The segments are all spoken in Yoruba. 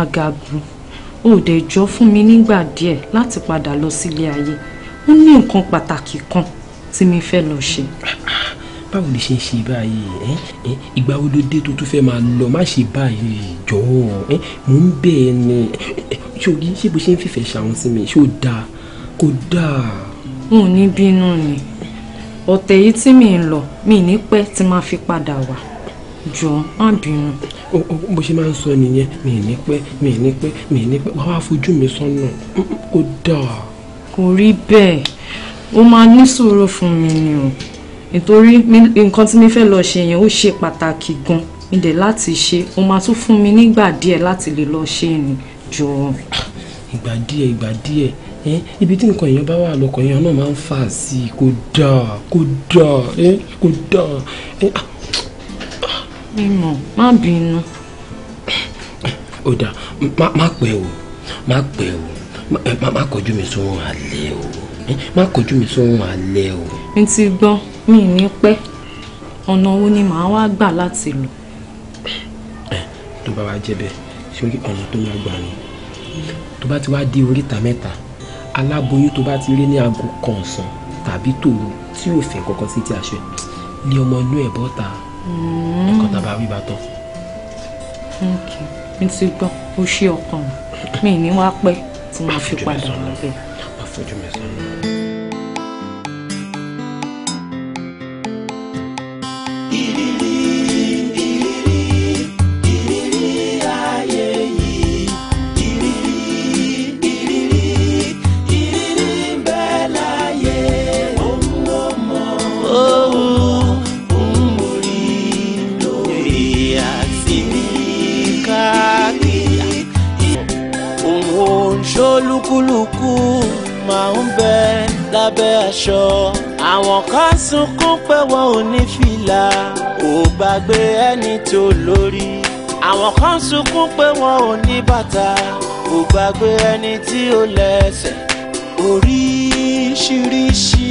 àgàbù o dẹ̀ jọ fún mi nígbà díẹ̀ láti padà lọ sílé ayé ó ní nǹkan pàtàkì kan tí mi fẹ́ lọ ṣe. báwo ni ṣe ń ṣe báyìí ẹ ẹ ìgbà wo ló dé tó tún fẹ́ máa lọ má ṣe báyìí jọ̀ọ́ ẹ mò ń bẹ̀ ẹ́ ni ṣògì ṣé bó ṣe ń fìfẹ́ ṣàwọn sí mi ṣó dáa kó dáa. n ò ní bínú ni ọ̀tẹ̀ yìí tí mi ń lọ mi ní pẹ́ tí máa fi padà wá jọ má bínú. bó ṣe máa ń sọ nìyẹn mi ní pẹ́ mi ní pẹ́ mi ní pẹ́ wàá fojú mi sọ́nà ó dáa. kò rí bẹ́ẹ̀ ó máa ní sùúrù fún mi ni o nítorí nǹkan tí mi fẹ́ lọ ṣe yẹn ó ṣe pàtàkì gan ilẹ̀ láti ṣe ó máa tún fún mi nígbà díẹ̀ láti lè lọ ṣe ni jọ. ìgbà díẹ̀ ìgbà díẹ̀ ẹ ibi tí nǹkan èèyàn bá wà lọkọ̀ èèyàn náà máa ń fà sí i kò dáa kò dáa kò dáa bímọ má bínú. ó dáa má pẹ́ o má pẹ́ o má kọjú mi sóhun alẹ́ o má kọjú mi sóhun alẹ́ o. mi ti gbọ́ mi ní pẹ́ ọ̀nà wo ni màá wá gbà láti lò. tó bá wa jẹ́ bẹ́ẹ̀ sórí ọ̀nà tó máa gbà ni tó bá ti wá di oríta mẹ́ta aláboyún tó bá ti rí ní aago kan ọ̀sán tàbí tòru tí yóò fẹ́ kọ́kọ́ sí ti aṣọ lé ọmọ inú ẹ̀ bọ́ta nǹkan tàbá wíwá tọ. mi ti gbọ́ ó ṣe ọkàn mi ní wá pẹ́ tí mo fi padà lọ bẹ́ẹ̀. olúkúlùkù máa ń bẹ lábẹ́ aṣọ àwọn kan sunkún pé wọn ò ní fìlà ò gbàgbé ẹni tó lórí àwọn kan sunkún pé wọn ò ní bàtà ò gbàgbé ẹni tí ó lẹ́sẹ̀ oríṣiríṣi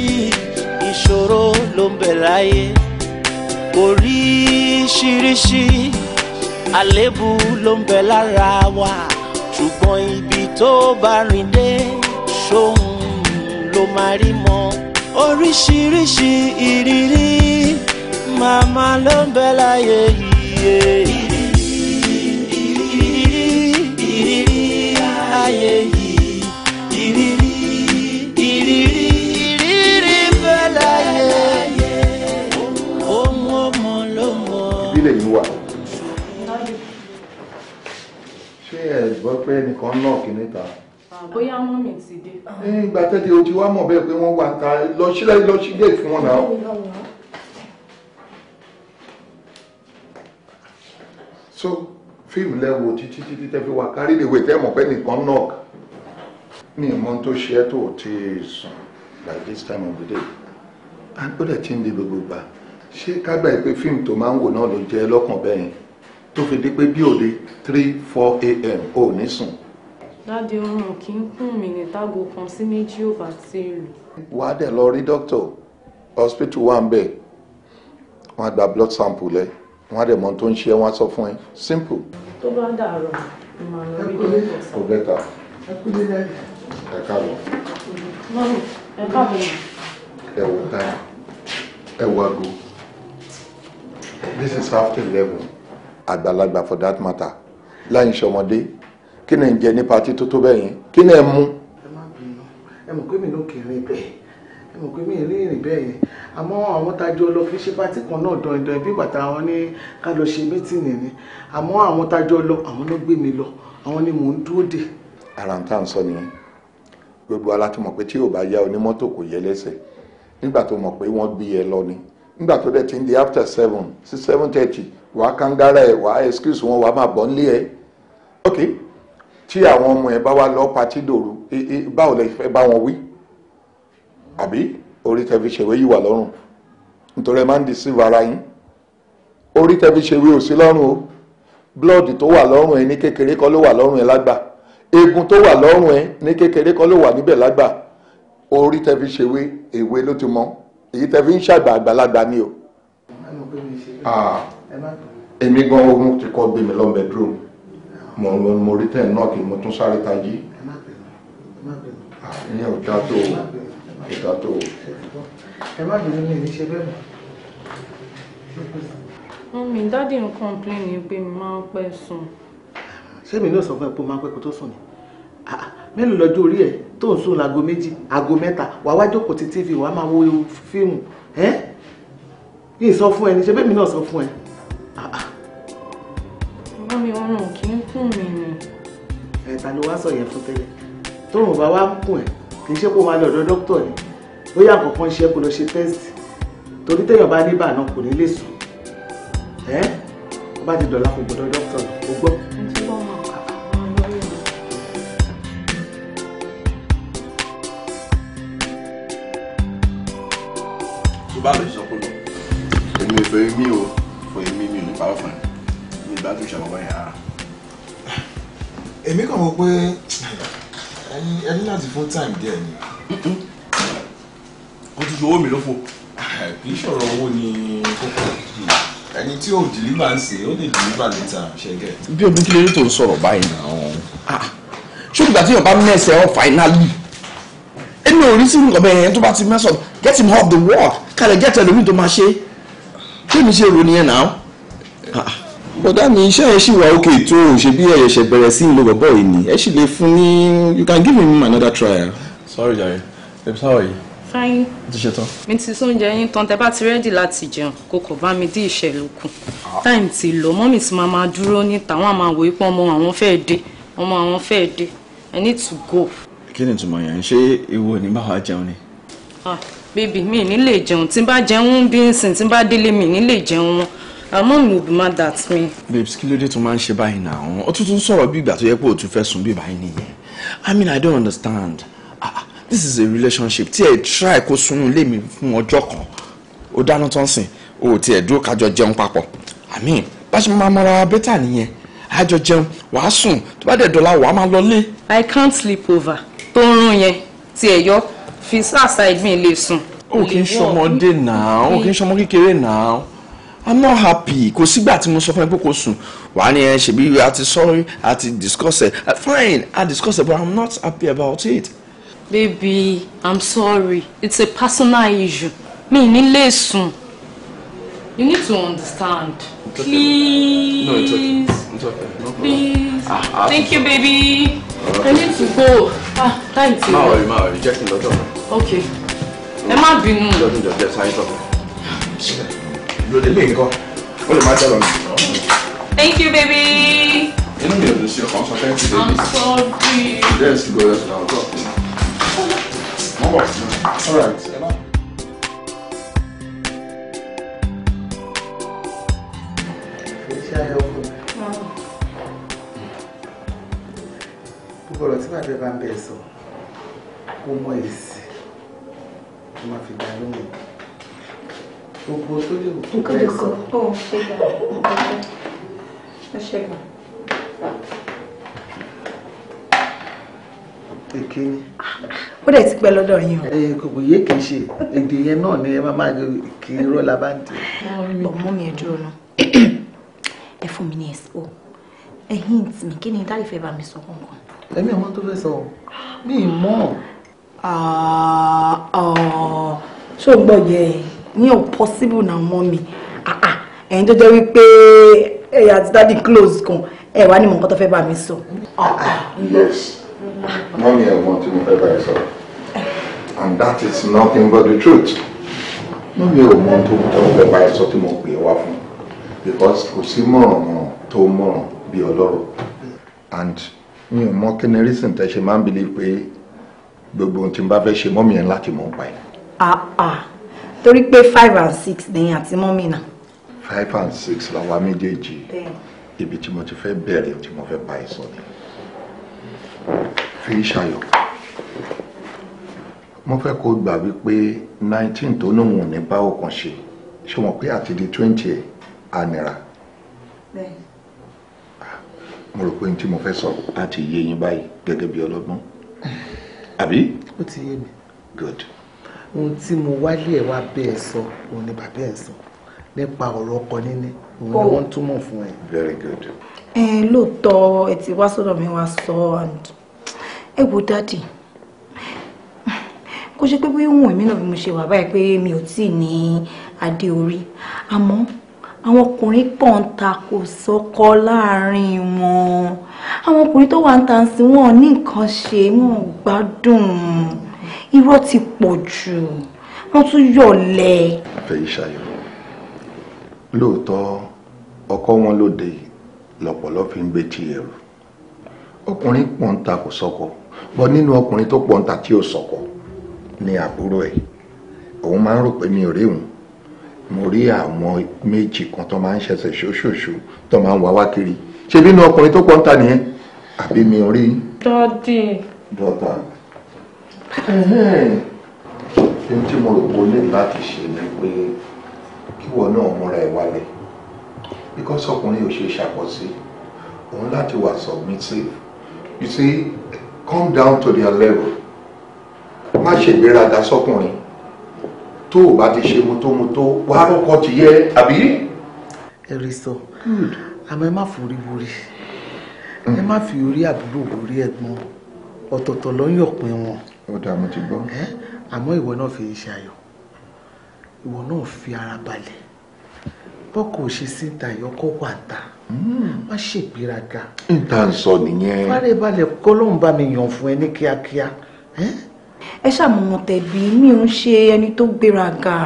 ìṣòro ló ń bẹ láyé oríṣiríṣi àléébù ló ń bẹ lára wa ṣùgbọ́n ibi tó bá rìn dé ṣóun ló máa rí mọ́ oríṣiríṣi ìrírí màmá ló ń bẹ láyé yìí. gbọ́ pé ẹnìkan náà kì níta. Ah, bóyá mọ́mì ti dé. nígbà tẹ́lẹ̀ o ti wá mọ̀ bẹ́ẹ̀ pé wọ́n wà ta lọ sílẹ̀ lọ sí gate fún wọn náà. so fíìmù lẹ́wọ̀ títí títí tẹ́ fi wà kárí lè wè tẹ́ mọ̀ pé nìkan náà ní ìmọ̀ tó ṣe ẹ́ tó ti sùn by this time of the day a gbọ́dọ̀ tí ń di gbogbo gbà ṣé kágbà ìpè fíìmù tó máa ń wò náà ló jẹ́ lọ́kàn bẹ́yìn tó fi di pé bí òde three a.m. ò ní sùn. dáàdi oorun kì í kún mi ní tágo kan sí méjì ò bá ti lù. wà á dẹ̀ lọ rí dókítà hospital wà ń bẹ̀ wọ́n á gba blood sample ẹ̀ wọ́n á dẹ̀ mọ tó ń ṣe wọ́n á sọ fún ẹ simple. tó bá dàrọ̀ ìmọ̀ràn rí dókítà. kò bẹ́tà ẹ káàbọ̀. mọ́mí ẹ káàbọ̀. ẹ wò táyà ẹ wò aago this is after eleven àgbàlagbà for that matter láì ṣọmọdé kí ni ń jẹ ní patí tó tó bẹ́ẹ̀ yẹn kí ni ẹ mú. ẹ má bínú ẹ mọ̀ pé mi ló kìrin bẹ́ẹ̀ ẹ mọ̀ pé mi rí ìrìn bẹ́ẹ̀ yẹn àmọ́ àwọn tajọ lọ kì ṣe patí kan náà dandan bí bàtà àwọn ní ká lọ ṣe mítìnì ni àmọ́ àwọn tajọ lọ àwọn ló gbé mi lọ àwọn ni mò ń dúró dè. ara ń tà ń sọ nìyẹn gbogbo aláti pé tí yóò bá yá onímọ́tò kò yẹ lẹ́sẹ̀ nígbà tó mọ̀ pé wọ́n gbé ẹ lọ ni nígbà tó dẹ̀ ti ń di after seven sí seven thirty wàá kángára ẹ̀ wàá excuse wọn wàá máa bọ̀ nílé ẹ̀ ok tí àwọn ọmọ ẹ̀ bá wá lọ patí dòru báwo lè fẹ́ bá wọn wí àbí orí tẹ́ fi ṣèwé yìí wà lọ́rùn nítorí ẹ máa ń deceive ara yín orí tẹ́ fi ṣèwé ò sí lọ́rùn o blood tó wà lọ́rùn ẹ ní kékeré kọ́ ló wà lọ́rùn ẹ lágbà eegun tó wà lọ́rùn ẹ ní kékeré kọ́ ló wà níbẹ̀ lágbà orí tẹ́ fi ṣèwé èwe ló ti mọ́ èyí tẹ́ fi ń ṣàgbà àgbàlagbà ni o. Ah, èmi gan oorun ti kọ́ gbé mi lọ bedroom mo mo rí tẹ̀ náà kí mo tún sáré tají ah, ìyẹn ò dá tó ò dá tó. ẹ má bínú mi ní ṣe bẹ́ẹ̀ mọ́. mi dádì ń kọ́ńpléènì pé mi máa ń pẹ́ sùn. ṣé mi ní ò sọ fún ẹ pé o máa ń pẹ́ kó tó sùn ni? Ah, mélòó lọ́jọ́ orí ẹ̀ tó ń sùn láago méjì aago mẹ́ta wàá wá jókòó ti tv wàá máa wo fíìmù ẹ́ yìí sọ fún ẹ níṣẹ́ bẹ́ẹ̀ mi náà sọ fún ẹ. bá ah, ah. mi ọrùn kì í kùn mí ni. ẹ ta ló wá sọ yẹn fún tẹ́lẹ̀ tóun bá wá ń kùn ẹ kì í ṣe kó máa lọ ọ̀dọ̀ dókítà ni bóyá àkọ́kọ́ ń ṣe kó lọ ṣe tẹ́sì torí téèyàn bá ní ibà náà kò ní lè sùn ẹ́ bá ti dọ̀la kò gbọ́dọ̀ dókítà o gbọ́. bá lọ sí sọkúlọ èmi kàn mọ̀ pé ẹ láti fún time díẹ̀ ni. o ti fi owó mi lófo. kì í ṣọ̀rọ̀ owó ni kókó ẹni tí ò dìlíbà ń ṣe ó lè dìlíbà lẹ́tà ṣẹ́gẹ̀. bí omi kílódé tó ń sọ̀rọ̀ báyìí náà ah, ṣé ìgbà tí yorùbá mẹ́sẹ̀ ọ́ finally èmi ò rí sí nǹkan bẹ́ẹ̀ yẹn tó bá ti mẹ́sàn get him off the work kálẹ̀ jẹ́ tẹlómi tó máa ṣe kí mi ṣe rò nìyẹn náà. Ah, bọ̀dá mi iṣẹ́ yẹn ṣì wà òkè tó o ṣe bí ẹ̀yẹ̀ ṣe bẹ̀rẹ̀ sí ìlú bọ̀bọ̀ yìí ni ẹ sì lè fún ní you can give him another trial. sorry jare babe how are you. fine. ti ṣe tán. mi ti sún oúnjẹ yín tán tẹ bá ti rẹ́dì láti jẹun kò kò bá mi dín ìṣẹ̀lẹ̀ kù. táìmù ti lọ mọ́mì ti máa máa dúró níta wọ́n á máa wò ipò ọmọ àwọn fẹ́ẹ́ dé ọmọ àwọn fẹ́ẹ́ dé i need to go. kí ni ìtumọ̀ yẹn ṣé ewu ò ní bá wa jẹun ni. ah bébì mi ní lè jẹun tí n bá jẹun bí n sìn tí n bá délé mi ní lè jẹun wọn àmọ́ mi ò bí má dà tí mi. babes kí ló dé tó máa ń ṣe báyìí náà ó tún tún sọ̀rọ̀ bí ìgbà tó yẹ pé òtún fẹ́ sùn bí báyìí nìyẹn i mean i don't understand ah, ah this is a relationship tí ẹ try kó sunú lé mi fún ọjọ́ kan ó dáná tán sìn o ò tiẹ̀ dúró kájọ jẹun papọ̀ i mean bá ṣe máa mọra wa bẹ́tà nìyẹn àjọ jẹun wàá sùn tó bá dẹ̀ dọ̀la wàá máa lọ lé. i can't sleep over tó ń rún yẹn tí ẹ yọ fi side mi lè sùn. o kì í ṣọmọdé náà o kì í ṣọmọ kékeré náà i'm not happy kò sígbà tí mo sọ fún ẹ pé kò sùn wàá ní ẹ ṣèbí a ti sọ̀rọ̀ uh, a discuss it fine i discuss it but i'm not happy about it. baby i'm sorry it's a personal issue mi ní lè sùn you need to understand please no, it's okay. It's okay. No please ah, thank you baby right. i need to go. Ah, táyì tí. Máa wọrí, máa wọrí, jẹ́ kí n lọ́jọ́ náà. Ok. Ẹ má bínú. Jọ́dún jọ jẹ́ sáyé tọ̀. Lòdì lè nǹkan, ó lè máa jẹ́ lọ́nà. Thank you, baby. Inú mi ò lè ṣe ọkàn sọ thank you, baby. I'm sorry. Let's go, let's go. Mọ̀ bọ̀. All right. ọ̀rọ̀ tí bàbá bá ń bẹ̀ sọ kó mọ èsì kó má fi dá lóhùn gbogbo tó lè wò tó bẹ́ẹ̀ sọ. Oh, ó ṣe gbà ó ṣe gbà. èké ni. ó dẹ̀ ti pẹ́ lọ́dọ̀ yín o. ẹ kò yé kì í ṣe èdè yẹn náà ni ẹ máa máa kì í rọ́lá bá ń tẹ̀. ọmọ mi ẹ dúró ẹ fún mi ní ẹsọ ẹ hint mi kí ni dáre fẹ́ bá mi sọ kankan èmi ò mọ tó fẹ́ sọ mi ì mọ̀. Ah, ah. ṣó gbọ́ yẹ ní ò possible na mọ́ mi ah, ẹ̀yin tó jẹ́ wípé ẹ̀yà àti dádì close kan ẹ̀ wá ní mọ̀ nǹkan tó fẹ́ bá mi sọ. mọ́mí ẹ̀ mọ̀ tí mo fẹ́ bá ẹ sọ and that is nothing but the truth mọ́mí ẹ̀ mọ̀ tó mo fẹ́ bá ẹ sọ tí mo pè é wá fún because kò sí mọ̀ràn mọ̀ràn tó mọ̀ràn bí ọlọ́rọ̀ and mi ò mọ kí ni reason tẹ ṣe máa ń believe pé gbogbo ohun tí n bá fẹ́ ṣe mọ́mì ẹ̀ láti mọ̀ pa ẹ̀. torí pé five and six ni àti mọ́mì náà. five and six làwa méjèèjì ibi tí mo ti fẹ́ bẹ̀rẹ̀ tí mo fẹ́ bá ẹ sọ ni. fi ṣayọ mo fẹ́ kó gbà wípé nineteen tó lóun ò ní bá òkun ṣe ṣé pé àti di twenty ẹ̀ á mo rò pé n tí mo fẹ́ sọ láti yé yín báyìí gẹ́gẹ́ bí ọlọ́gbọ́n àbí. ó ti yé mi. good. ohun tí mo wálé ẹ̀ wá bẹ́ẹ̀ sọ òun ni bàbá ẹ̀ sọ nípa ọ̀rọ̀ ọkọ níní òun ni oh. wọ́n túmọ̀ fún ẹ. very good. ẹ lóòótọ́ ẹ ti wá sọ́dọ̀ mi wá sọ and ẹ wo dáàdì kó ṣe pé bí wọn èmi náà bí mo ṣe wà báyìí pé mi ò tí ì ní adé orí àmọ́ àwọn ọkùnrin pọ̀ ń ta kò sọ́kọ láàrin wọn àwọn ọkùnrin tó wà ń ta sí wọn ní nǹkan ṣe wọn ò gbádùn irọ́ ti pọ̀ jù wọ́n tún yọ̀lẹ̀. àfẹ́yí ṣayọ̀ lóòótọ́ ọkọ wọn lóde lọ́pọ̀lọ́ fi ń gbé tí ẹrù ọkùnrin pọ̀ ń ta sọ́kọ bọ́ nínú ọkùnrin tó pọ̀ ń ta tí ò sọ́kọ ni àbúrò ẹ̀ òun máa ń rò pé mi ò rí òun mo rí àwọn méjì kan tó máa ń ṣẹ̀ṣẹ̀ ṣoṣooṣù tó máa ń wá wá kiri ṣé bí inú ọkùnrin tó pọ̀ ń ta nìyẹn àbí mi ò rí. dọ́dí. dọ́tà ohun tí mo rò pé o ní láti ṣe ni pé kíwọ náà múra ẹ wálẹ̀ because ọkùnrin ò ṣe ṣàpọ̀sí òun láti wà submissive you see come down to their level má ṣègbéraga sọkùnrin tó o bá ti ṣe mutomuto wà á rọ́kọ ti yẹ àbí. ẹ̀rí sọ àmọ́ ẹ má forí borí mm. ẹ má fi orí àbúrò borí ẹ̀gbọ́n ọ̀tọ̀ọ̀tọ̀ ló ń yọ̀pin wọn. ó dáa mo ti gbọ́. àmọ́ ìwọ náà fi ṣe ayọ̀ ìwọ náà fi ara balẹ̀ bọ́kọ̀ ṣe síta ìyọkọ̀ wà ta mm. má ṣègbéraga. n ta n sọ nìyẹn. fárẹ̀ balẹ̀ kọ́ ló ń bá mi yàn fún ẹ ní kíákíá. Eh? ẹ ṣàmùmọ̀tẹ̀bí mi ò ń ṣe ẹni tó gbéraga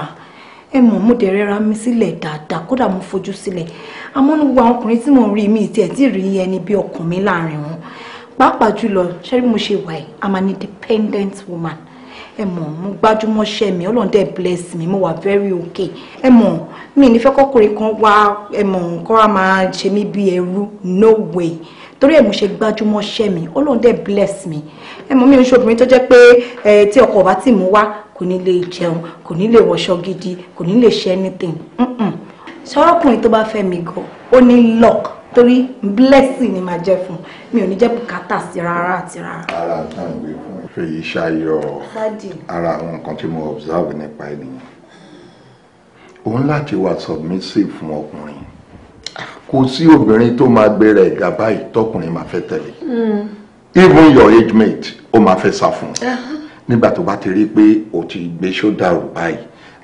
ẹ mọ̀ mo dẹ̀ rẹra mi sílẹ̀ dáadáa kódà mo fojú sílẹ̀ àmọ́ àwọn ọkùnrin tí mò rí mi ìtì ẹ̀ tí rí ẹni bí ọkùnrin láàrin wọn pàápàá jùlọ ṣé mo ṣe wà yìí i'm an independent woman ẹ mọ̀ mo gbájúmọ́ ṣẹ́ mi ọlọ́run bless mi mo wà very okay ẹ mọ̀ mi nífẹ̀ẹ́ kọkùnrin kan wá ẹ mọ̀ nǹkan máa ṣe mí bí ẹrú no way torí ẹ̀ mo ṣe gbájúmọ́ ṣẹ́ mi ọlọ́run dẹ̀ bless mi ẹ mọ̀ mi ò ń ṣobìnrin tó jẹ́ pé ẹ tí ọkọ bá ti mú wá kò ní lè jẹun kò ní lè wọṣọ gidi kò ní lè ṣe anything sọ́rọ́kùnrin tó bá fẹ́ mi gan ó ní luck torí blessing ni máa jẹ́ fún mi ò ní jẹ́ bùkátà sí rárá àti rárá. ara tá à ń gbé fún ẹ fèyí ṣayọ ara àwọn nǹkan tí mo observe nípa ènìyàn òun láti wà submissive fún ọkùnrin kò sí obìnrin tó máa gbéra ẹ̀gà báyìí tọkùnrin máa fẹ́ tẹ̀lé hmm. even your age mate ó máa fẹ́ sá fún un nígbà tó bá ti rí i pé o ti gbé ṣódà rò báyìí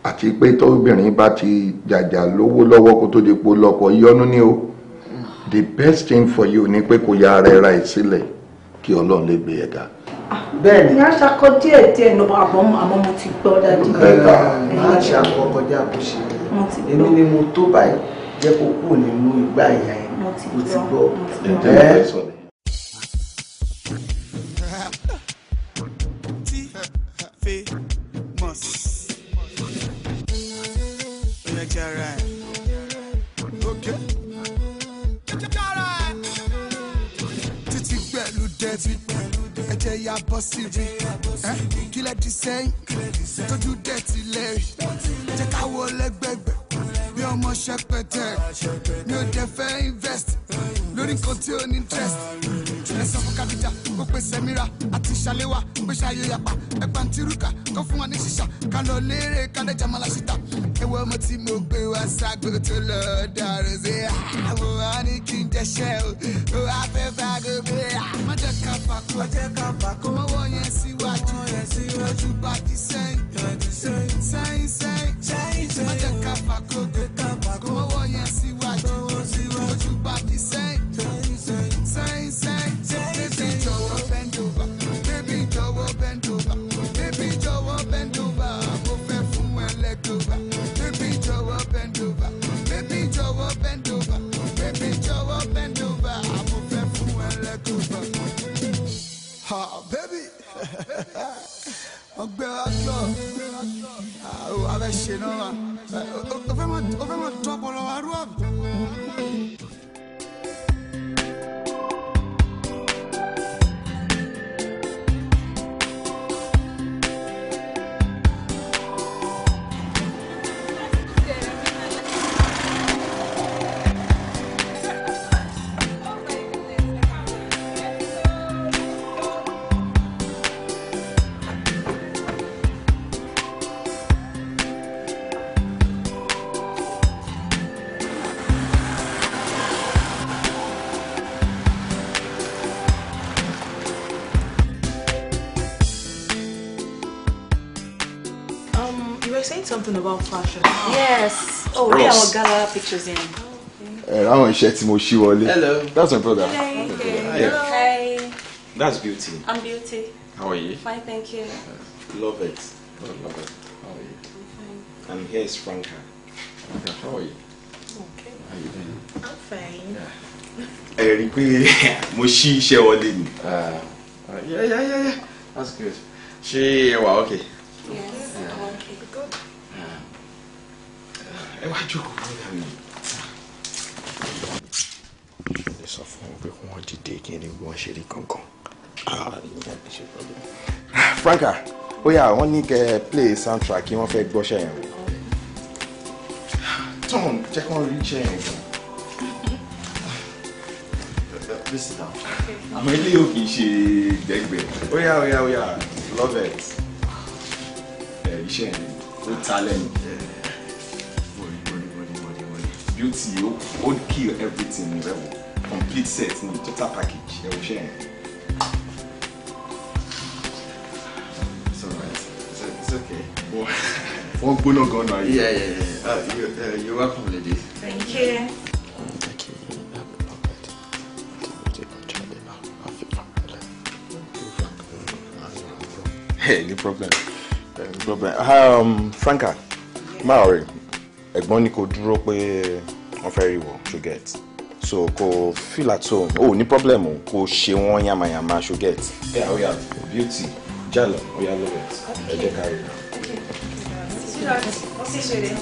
àti pé tóbìnrin bá ti jàjà lówó lọ́wọ́ kó tó di po lọ́kọ yọnu ni o the best thing for you ni pé kó ya ara ẹ ra ẹ sílẹ̀ kí ọlọ́run lè gbé ẹ̀gà bẹ́ẹ̀ ni. ìyá ṣakọ díẹ̀ díẹ̀ ló bá àmọ́ àmọ́ mo ti gbọ́ dájú. ẹ ẹ máa ṣe àwọn ọkọjá àkóṣe èmi ni mo tó báyìí jẹ́ kó kúrò nínú ìgbà ìyá yẹn o ti gbọ́. Títí pẹ̀lú David, ẹ̀jẹ̀ ya bọ́ síbi, kílẹ̀ dì sẹ́yìn, tójú dẹ̀ ti lẹ́rìí, jẹ́ káwọ́ lẹ́gbẹ̀ẹ́ ọmọ ṣẹpẹtẹ mi ò dẹ fẹ́ invest lórí nǹkan tí ó ní interest ẹ sọ fún kadija kó pe sẹmira àti ṣàléwà pé ṣàyè yapa ẹgbà ń tirúkà kó fún wa ní ṣíṣà ká lọ léèrè kádẹjà máa láṣìta ẹwọ ọmọ tí mo gbé wá ságbó tó lọ dàrú sí àwọn wa ní kí n jẹṣẹ o ó wá fẹ́ fàgò gbé à. má jẹ́ ká fàkó má jẹ́ ká fàkó mọ́wọ́ yẹn síwájú yẹn síwájú bá ti sẹ́yìn sẹ́yìn sẹ́yìn sẹ́yìn má jẹ́ ká fàkó ọgbẹ́ra jọ àwọn abẹ́ ṣe náà wà ó fẹ́ mọ̀ tọ́pọ̀ lọ́wọ́ arúgbó. talking about fashion. yes oh we have our gala pictures in. Eh, àwọn iṣẹ́ tí mo ṣí wọlé. hello that's my brother. hey hey yeah. hey. that's beauty. i'm beauty. how are you. fine thank you. love it oh, love it how are you. i'm fine. and here is Franca. Franca how are you. okay. how are you doing. i'm fine. Yeah. rí i pé mo ṣí iṣẹ́ ah, uh, yeah yeah yeah yeah that's good. She, well, okay. yes yeah. i'm okay. good ẹ wá jókòó ní ìlànà yìí. mo sọ fún wọn pé kí wọ́n dìde kí ni wọ́n ṣe rí kankan. Ah. Franka ó yá wọ́n ní kẹ́ play soundtrack kí wọ́n fẹ́ gbọ́ṣẹ́ yẹn o. Tom jẹ́ kí wọ́n rí iṣẹ́ yẹn gan. àmọ́ ilé yóò kì í ṣe gbẹ̀gbẹ̀ ó yá ó yá ó yá love it iṣẹ́ yẹn. Talent, body, body, body, body, body. beauty ó ó kill everything rẹ complete set ni total package ẹ wò ṣe it's alright it's, it's okay. wọ́n gbóná gan-an náà. yeah yeah yeah ah, you, uh, you're welcome lady. thank you. Hey, no problem um, Franka Maori, rẹ ẹ̀gbọ́n ni kò dúró pé wọ́n fẹ́ rí wọ to get so kò feel at home o oh, ní problem o kò ṣe wọ́n yamayama to get. ẹ àwọn ya beauty jalo oya love it ẹ jẹ ká rí i.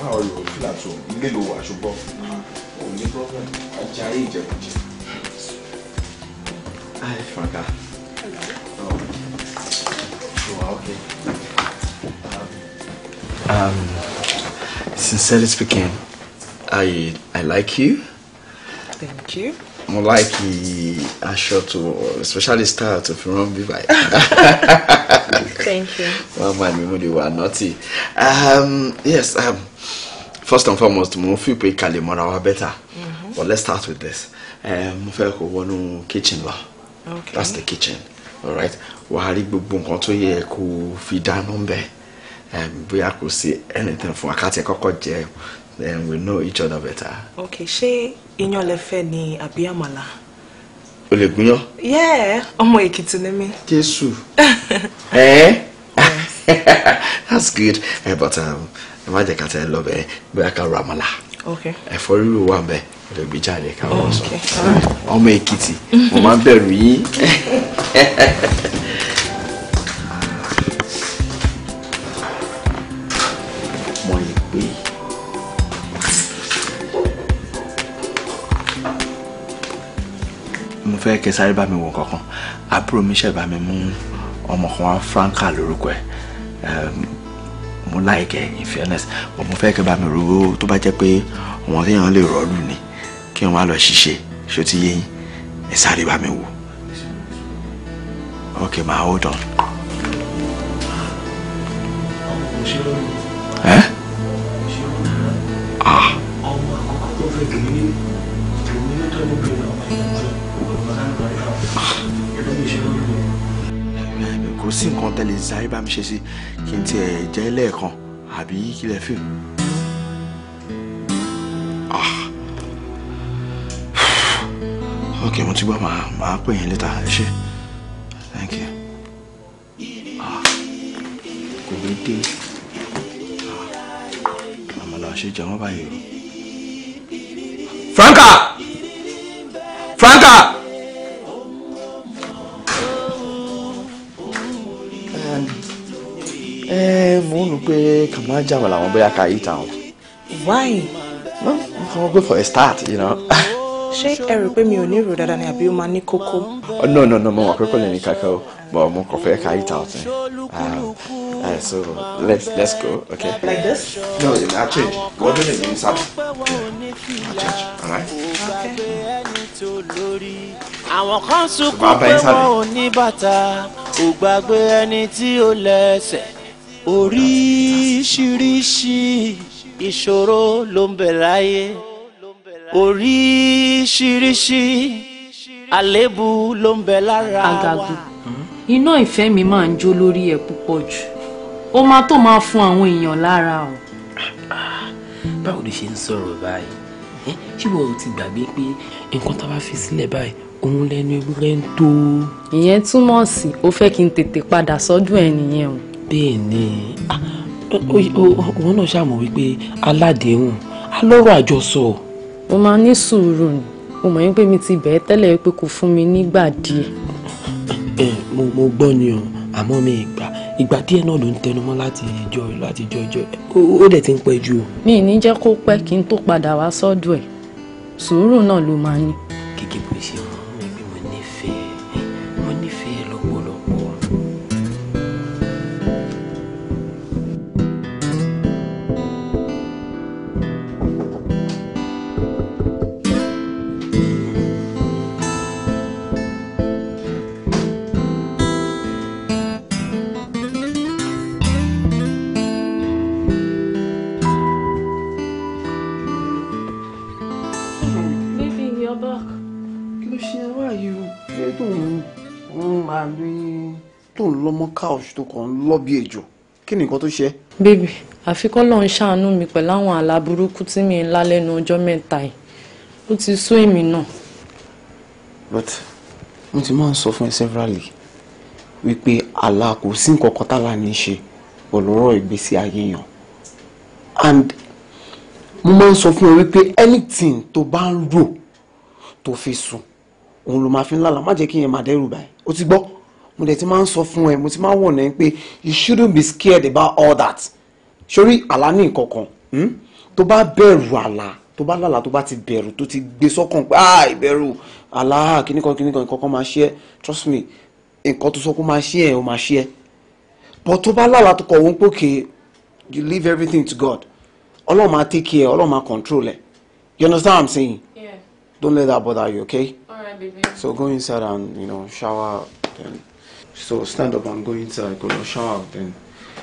báwo ló feel at home ilé ló wà ṣùgbọ́n o ní problem ajá ayé ìjẹkùjẹ. Hi Franka. Um, sincerely speaking, I I like you. Thank you. More like aṣọ tó especially start tó fi rán bí Thank you. Well, my ní mo lè wà um, Yes, um, first and foremost, mo fi pé kalẹ̀ mọ́ra wa better. Mm-hmm. But let's start with this. Eh, mo fẹ́ kó wọnú kitchen lọ. Okay. That's the kitchen alright wàá rí gbogbo nǹkan tó yẹ kó fi dáná bẹ bóyá kò sí anything fún àkàtì kọ́kọ́ jẹ then we know each other better. ok ṣé iyán lẹ fẹ́ ni àbí àmàlà. o lè gúnyán. yẹ́ẹ̀ ọmọ èkìtì ni mí. jésù ẹ that's good but um, ẹ má jẹ́ ká tẹ́ ẹ lọ bẹ́ẹ̀ bóyá ká ra àmàlà ẹ̀fọ́ rírò wà bẹ́ẹ̀ ẹgbẹ́ jáde káwọn sọ ọmọ Èkìtì mo máa ń bẹ̀rù yín. mo lè pé mo fẹ́ kẹ́ sáré bá mi wò kankan àbúrò mi ṣẹ̀ bá mi mú ọmọ kan wá Franca lórúkọ ẹ̀ mo láìkẹ́ in fairness mo fẹ́ kẹ́ bá mi rò ó tó bá jẹ́ pé ọmọ téèyàn lè rọ́ọ̀lù ni kí wọn má lọ ṣiṣẹ́ ṣó ti yé yín ẹ sáré bá mi wò ok ma hold on. ẹ. ah. kò sí nǹkan tẹ́lẹ̀ sáré bá mi ṣe sí kí n tiẹ̀ jẹ́ lẹ́ẹ̀kan àbí kí lẹ fíìmù. ok mo ti gbọ́ màá màá pè yín later ẹ ṣé thank you ah. kò ní dé ah. àmàlà ṣe jẹ wọn báyìí o. Franka Franka. ẹ ẹ mo ń lò pé kàmá jáwèé làwọn bóyá ká yí tàn. why. no mo pé for a start you know. ṣé ẹ rò pé mi ò ní rò dáadáa ni àbí ó máa ní kókó. Oh, no no no mo wà kókó lè ní kàkà o mo kàn fẹ́ ká ìta ọ̀tún so let's let's go okay. like this. no na change wọ́n dún ní sábà na change alright. àwọn kan sunkún pé wọn ò ní bàtà ò gbàgbé ẹni tí ó lẹ́sẹ̀ oríṣiríṣi ìṣòro ló ń bẹ láyé oríṣiríṣi àléébù ló ń bẹ lára wa. àgàgù iná ìfẹ́ mi máa ń jó lórí ẹ̀ púpọ̀ jù ó máa tó máa fún àwọn èèyàn lára o. báwo ló ṣe ń sọ̀rọ̀ báyìí ṣé wọn ò ti gbàgbé pé nǹkan tá a bá fi sílẹ̀ báyìí òun lẹ́nu ewúrẹ́ ń tó. ìyẹn túmọ̀ sí o fẹ́ kí n tètè padà sọ́dún ẹ̀ nìyẹn o. bẹ́ẹ̀ ni ah, òun náà ṣàmọ̀ wípé aládéhùn alọ́rọ̀ àjọsọ o máa ní sùúrù ni o mọ̀ pé mi ti bẹ̀ẹ́ tẹ́lẹ̀ pé kò fún mi nígbà díẹ̀. ẹ mo mo gbọ́ ni o àmọ́ mi ìgbà ìgbà díẹ̀ náà ló ń tẹnumọ́ láti ìjọ láti ìjọ ìjọ ó dẹ̀ ti ń pẹ́ jù o. mi ní jẹ́ kó pẹ́ kí n tó padà wá sọ́dọ̀ ẹ̀ sùúrù náà ló máa ní. gẹ́gẹ́ bó ṣe mọ̀ mi pé mo nífẹ̀ẹ́ mo nífẹ̀ẹ́ lọ́pọ̀lọpọ̀ couch tó kàn ń lọ́ bí ejò kí ni nǹkan tó ṣe. bébì àfikún náà ń ṣàánú mi pẹ̀lú àwọn àlá burúkú tí mi ń lá ọjọ́ mẹ́ta yìí ó ti sún èmi náà. but mo ti máa ń sọ fún ẹ severally wípé àlá kò sí nǹkan kan tálà ní í ṣe pẹ̀lú ìgbésí ayé yàn and mo máa ń sọ fún ẹ wípé anything tó bá ń rò tó fi sùn òun ló máa fi ń lálàá má jẹ́ kí yẹn máa dẹ́rù báyìí ó ti gbọ́ mo dẹ̀ ti máa ń sọ fún ẹ mo ti máa ń wọ̀nà ẹ pé you shouldn't be scared about all that sórí àlá ní ìkọ̀kan hmm? tó bá bẹ̀rù àlá tó bá lálàá tó bá ti bẹ̀rù tó ti gbé sọ́kàn pé ah ìbẹ̀rù àlá kìnnìkan kìnnìkan nǹkan máa ṣe é trust me nǹkan tó sọ pé máa ṣe é ó máa ṣe é but tó bá lálàá tó kọ̀ wọ́n pé you leave everything to God ọlọ́run máa take care ọlọ́run máa control ẹ̀ you understand what I'm saying yeah. don't let that bother you okay all right baby so go inside and you know shower then. So stand up and go inside, go lọ shower then.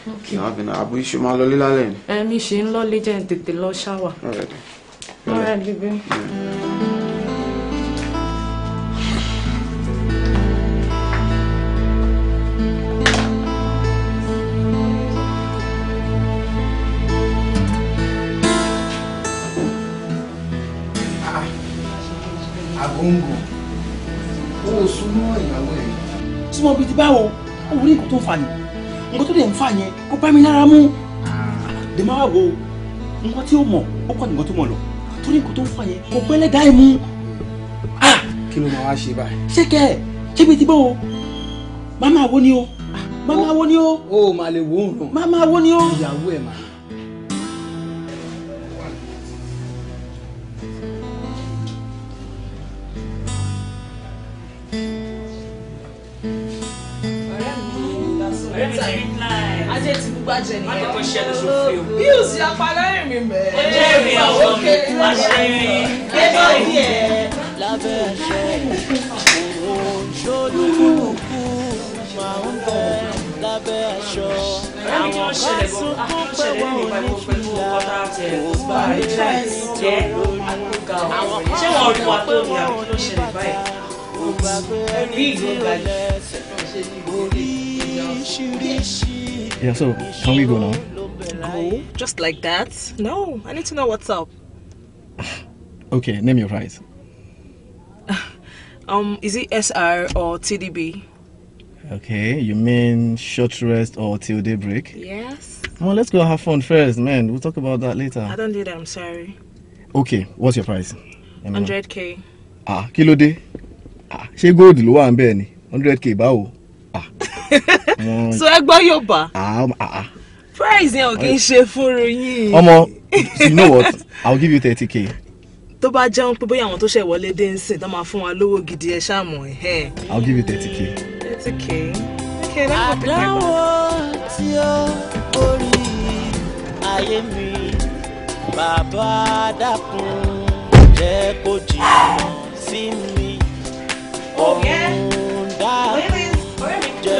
Okay. You have an abu issue, máa lọ lílá lẹ́yìn. Ẹ mi ṣe ń lọ lé jẹ́ tètè lọ shower. All right. All right, baby. Yeah. Mm. agongo ó súnmọ́ ìyàwó ẹ̀ súnmọ́ bíi ti báwo ó wúrí nǹkan tó ń fà ní nǹkan tó dẹ̀ ń fà yẹn kó bá mi lára mú dèmọ́ wà wo nǹkan tí ó mọ̀ ó kọ́ nǹkan tó mọ̀ lọ torí nǹkan tó ń fà yẹn kò pẹ́lẹ́ dá ẹ̀ mú. Ah! kí ló máa wá ṣe báyìí. ṣé kẹ́ ẹ̀ ṣé bíi ti báwo máa máa wo ni o ah, máa máa wo ni o. ó máa lè wo òun. máa máa wo ni o. ìyàwó ẹ̀ máa. ajé ti gbúgbà jẹ nìyẹn bills ya palẹ́ mi mẹ́. ó jẹ́ ìrìn àwọn ọmọ mi wá ṣe é. ẹ bá rí ẹ. lábẹ́ ẹ̀ṣẹ̀ òwò ṣolúkúlùkù máa ń bẹ lábẹ́ aṣọ àwọn kan sunkún pé wọn ò ní kíkà ó bá ilé jẹ́ àwọn ṣé wọn rí wa tó ní àbí kí ló ṣẹlẹ̀ báyìí ó orí. Yeah, so can we go now? Go? Just like that? No, I need to know what's up. okay, name your price. um, is it SR or TDB? Okay, you mean short rest or till daybreak? Yes. Come on, let's go have fun first, man. We'll talk about that later. I don't do that, I'm sorry. Okay, what's your price? 100k. Ah, kilo day. Ah, she gold ló wà ń bẹ́ẹ̀ ni? 100k báwo? Ah so ẹ gbọ́ Yorùbá ah, ah, ah, price yẹn ò kì í ṣe fúnru yín. ọmọ you know what i will give you thirty k. tó bá jẹun pé bóyá àwọn tó ṣe wọlé dé ń sìn tó máa fún wa lówó gidi ẹ ṣàmù ẹ. i will give you thirty k. thirty tí ó borí ayé mi bàbá dákun jẹ́ kó jìnnà sí mi. ọ̀hún.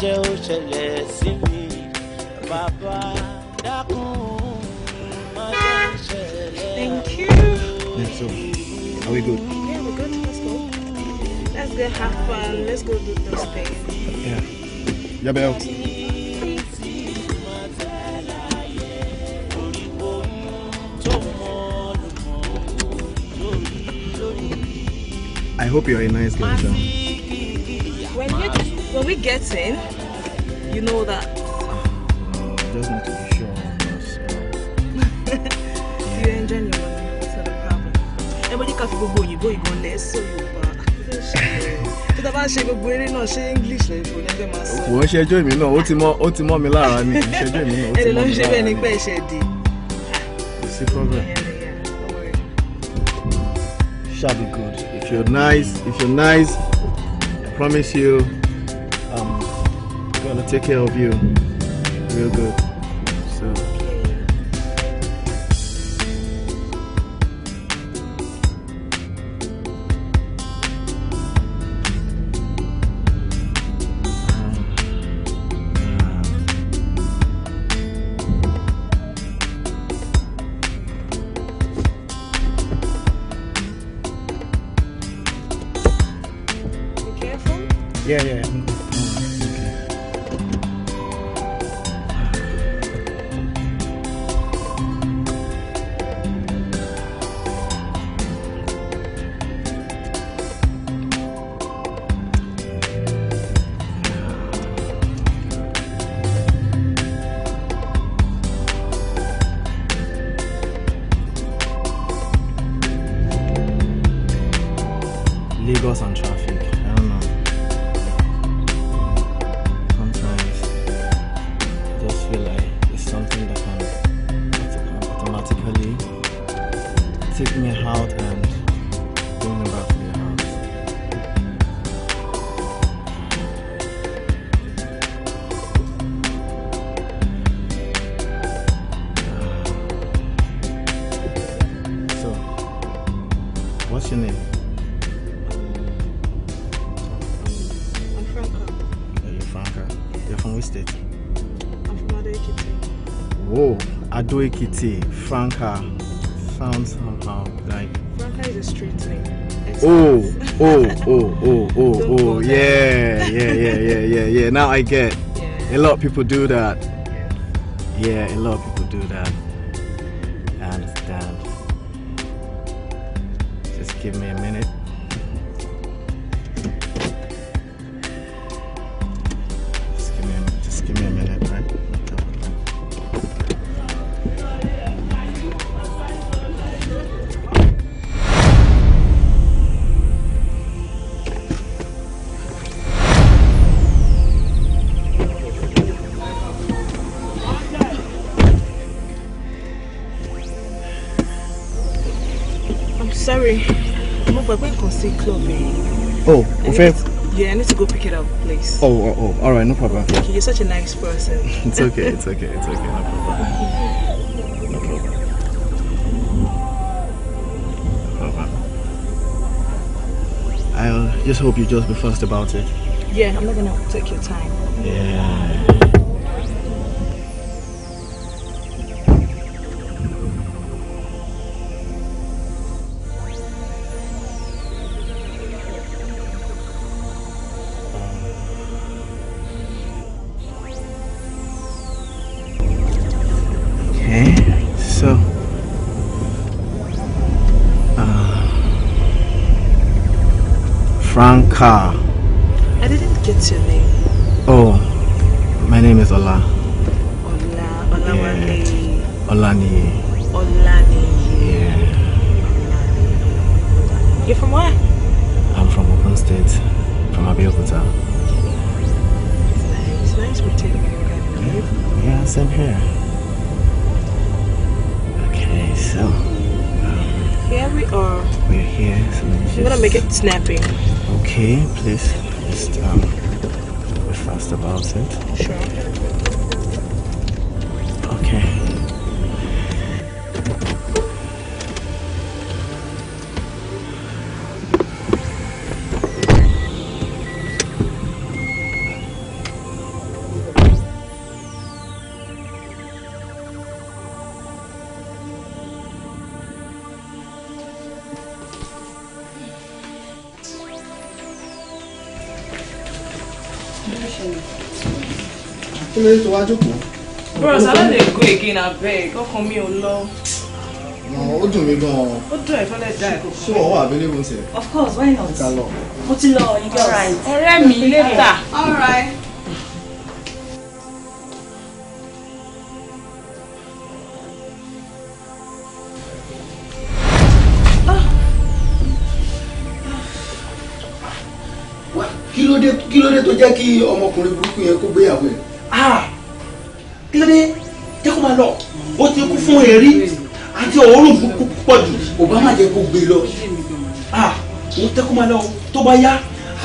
jẹ́ ó ṣẹlẹ̀ sí mi bàbá dákun má jẹ́ ṣẹlẹ̀. Thank you. Next Are we good? Yeah, we're good. Let's go. Let's go have fun. Let's go do those things. Yeah. Yeah, Yeah, oh. I hope you're a nice girl, When we get in, you know that. No, just need to be sure you enjoy your money, it's not a problem. Everybody can go go, you go, you go Let's so you tó tá a bá ṣe gbogbo eré náà ṣe English lẹ́yìn fún ẹgbẹ́ máa sọ. òkùnrin ṣẹjọ́ èmi náà ó ti mọ́ ó ti mọ́ mi lára ni ìṣẹjọ́ èmi náà ó ti mọ́ mi lára ni. kò sí problem. shall be good if you're nice if you're nice I promise you. take care of you real good. I get. Yeah. A lot of people do that. Yeah, a lot of people do that. Sorry, mo gbàgbé nǹkan sí club Oh, okay. Yeah, I need to go pick it up, please. Oh, oh, oh. all right, no problem. you. are such a nice person. it's okay, it's okay, it's okay, no problem. No problem. No problem. I just hope you just be fast about it. Yeah, I'm not gonna take your time. Yeah. ló dé tó wá bros i no dey go again abeg ọkàn mi ò lọ. ó dùn mí gan-an. ó dùn ẹ̀ fẹ́lẹ̀ dá ẹ̀kọ́. ṣé wọ́n wà abẹ́lé bó ń sẹ̀. of course why not. ká lọ. mo ti lọ you get right. ọ̀rẹ́ mi later. all right. kí ló dé tó jẹ́ kí ọmọkùnrin burúkú yẹn kó gbéyàwó ẹ̀ kó máa lọ ó ti kú fún èrí àti òórùn kúkú pọ̀ jù òbá má jẹ́ kó gbé lọ òun tẹ́ kó máa lọ tó bá yá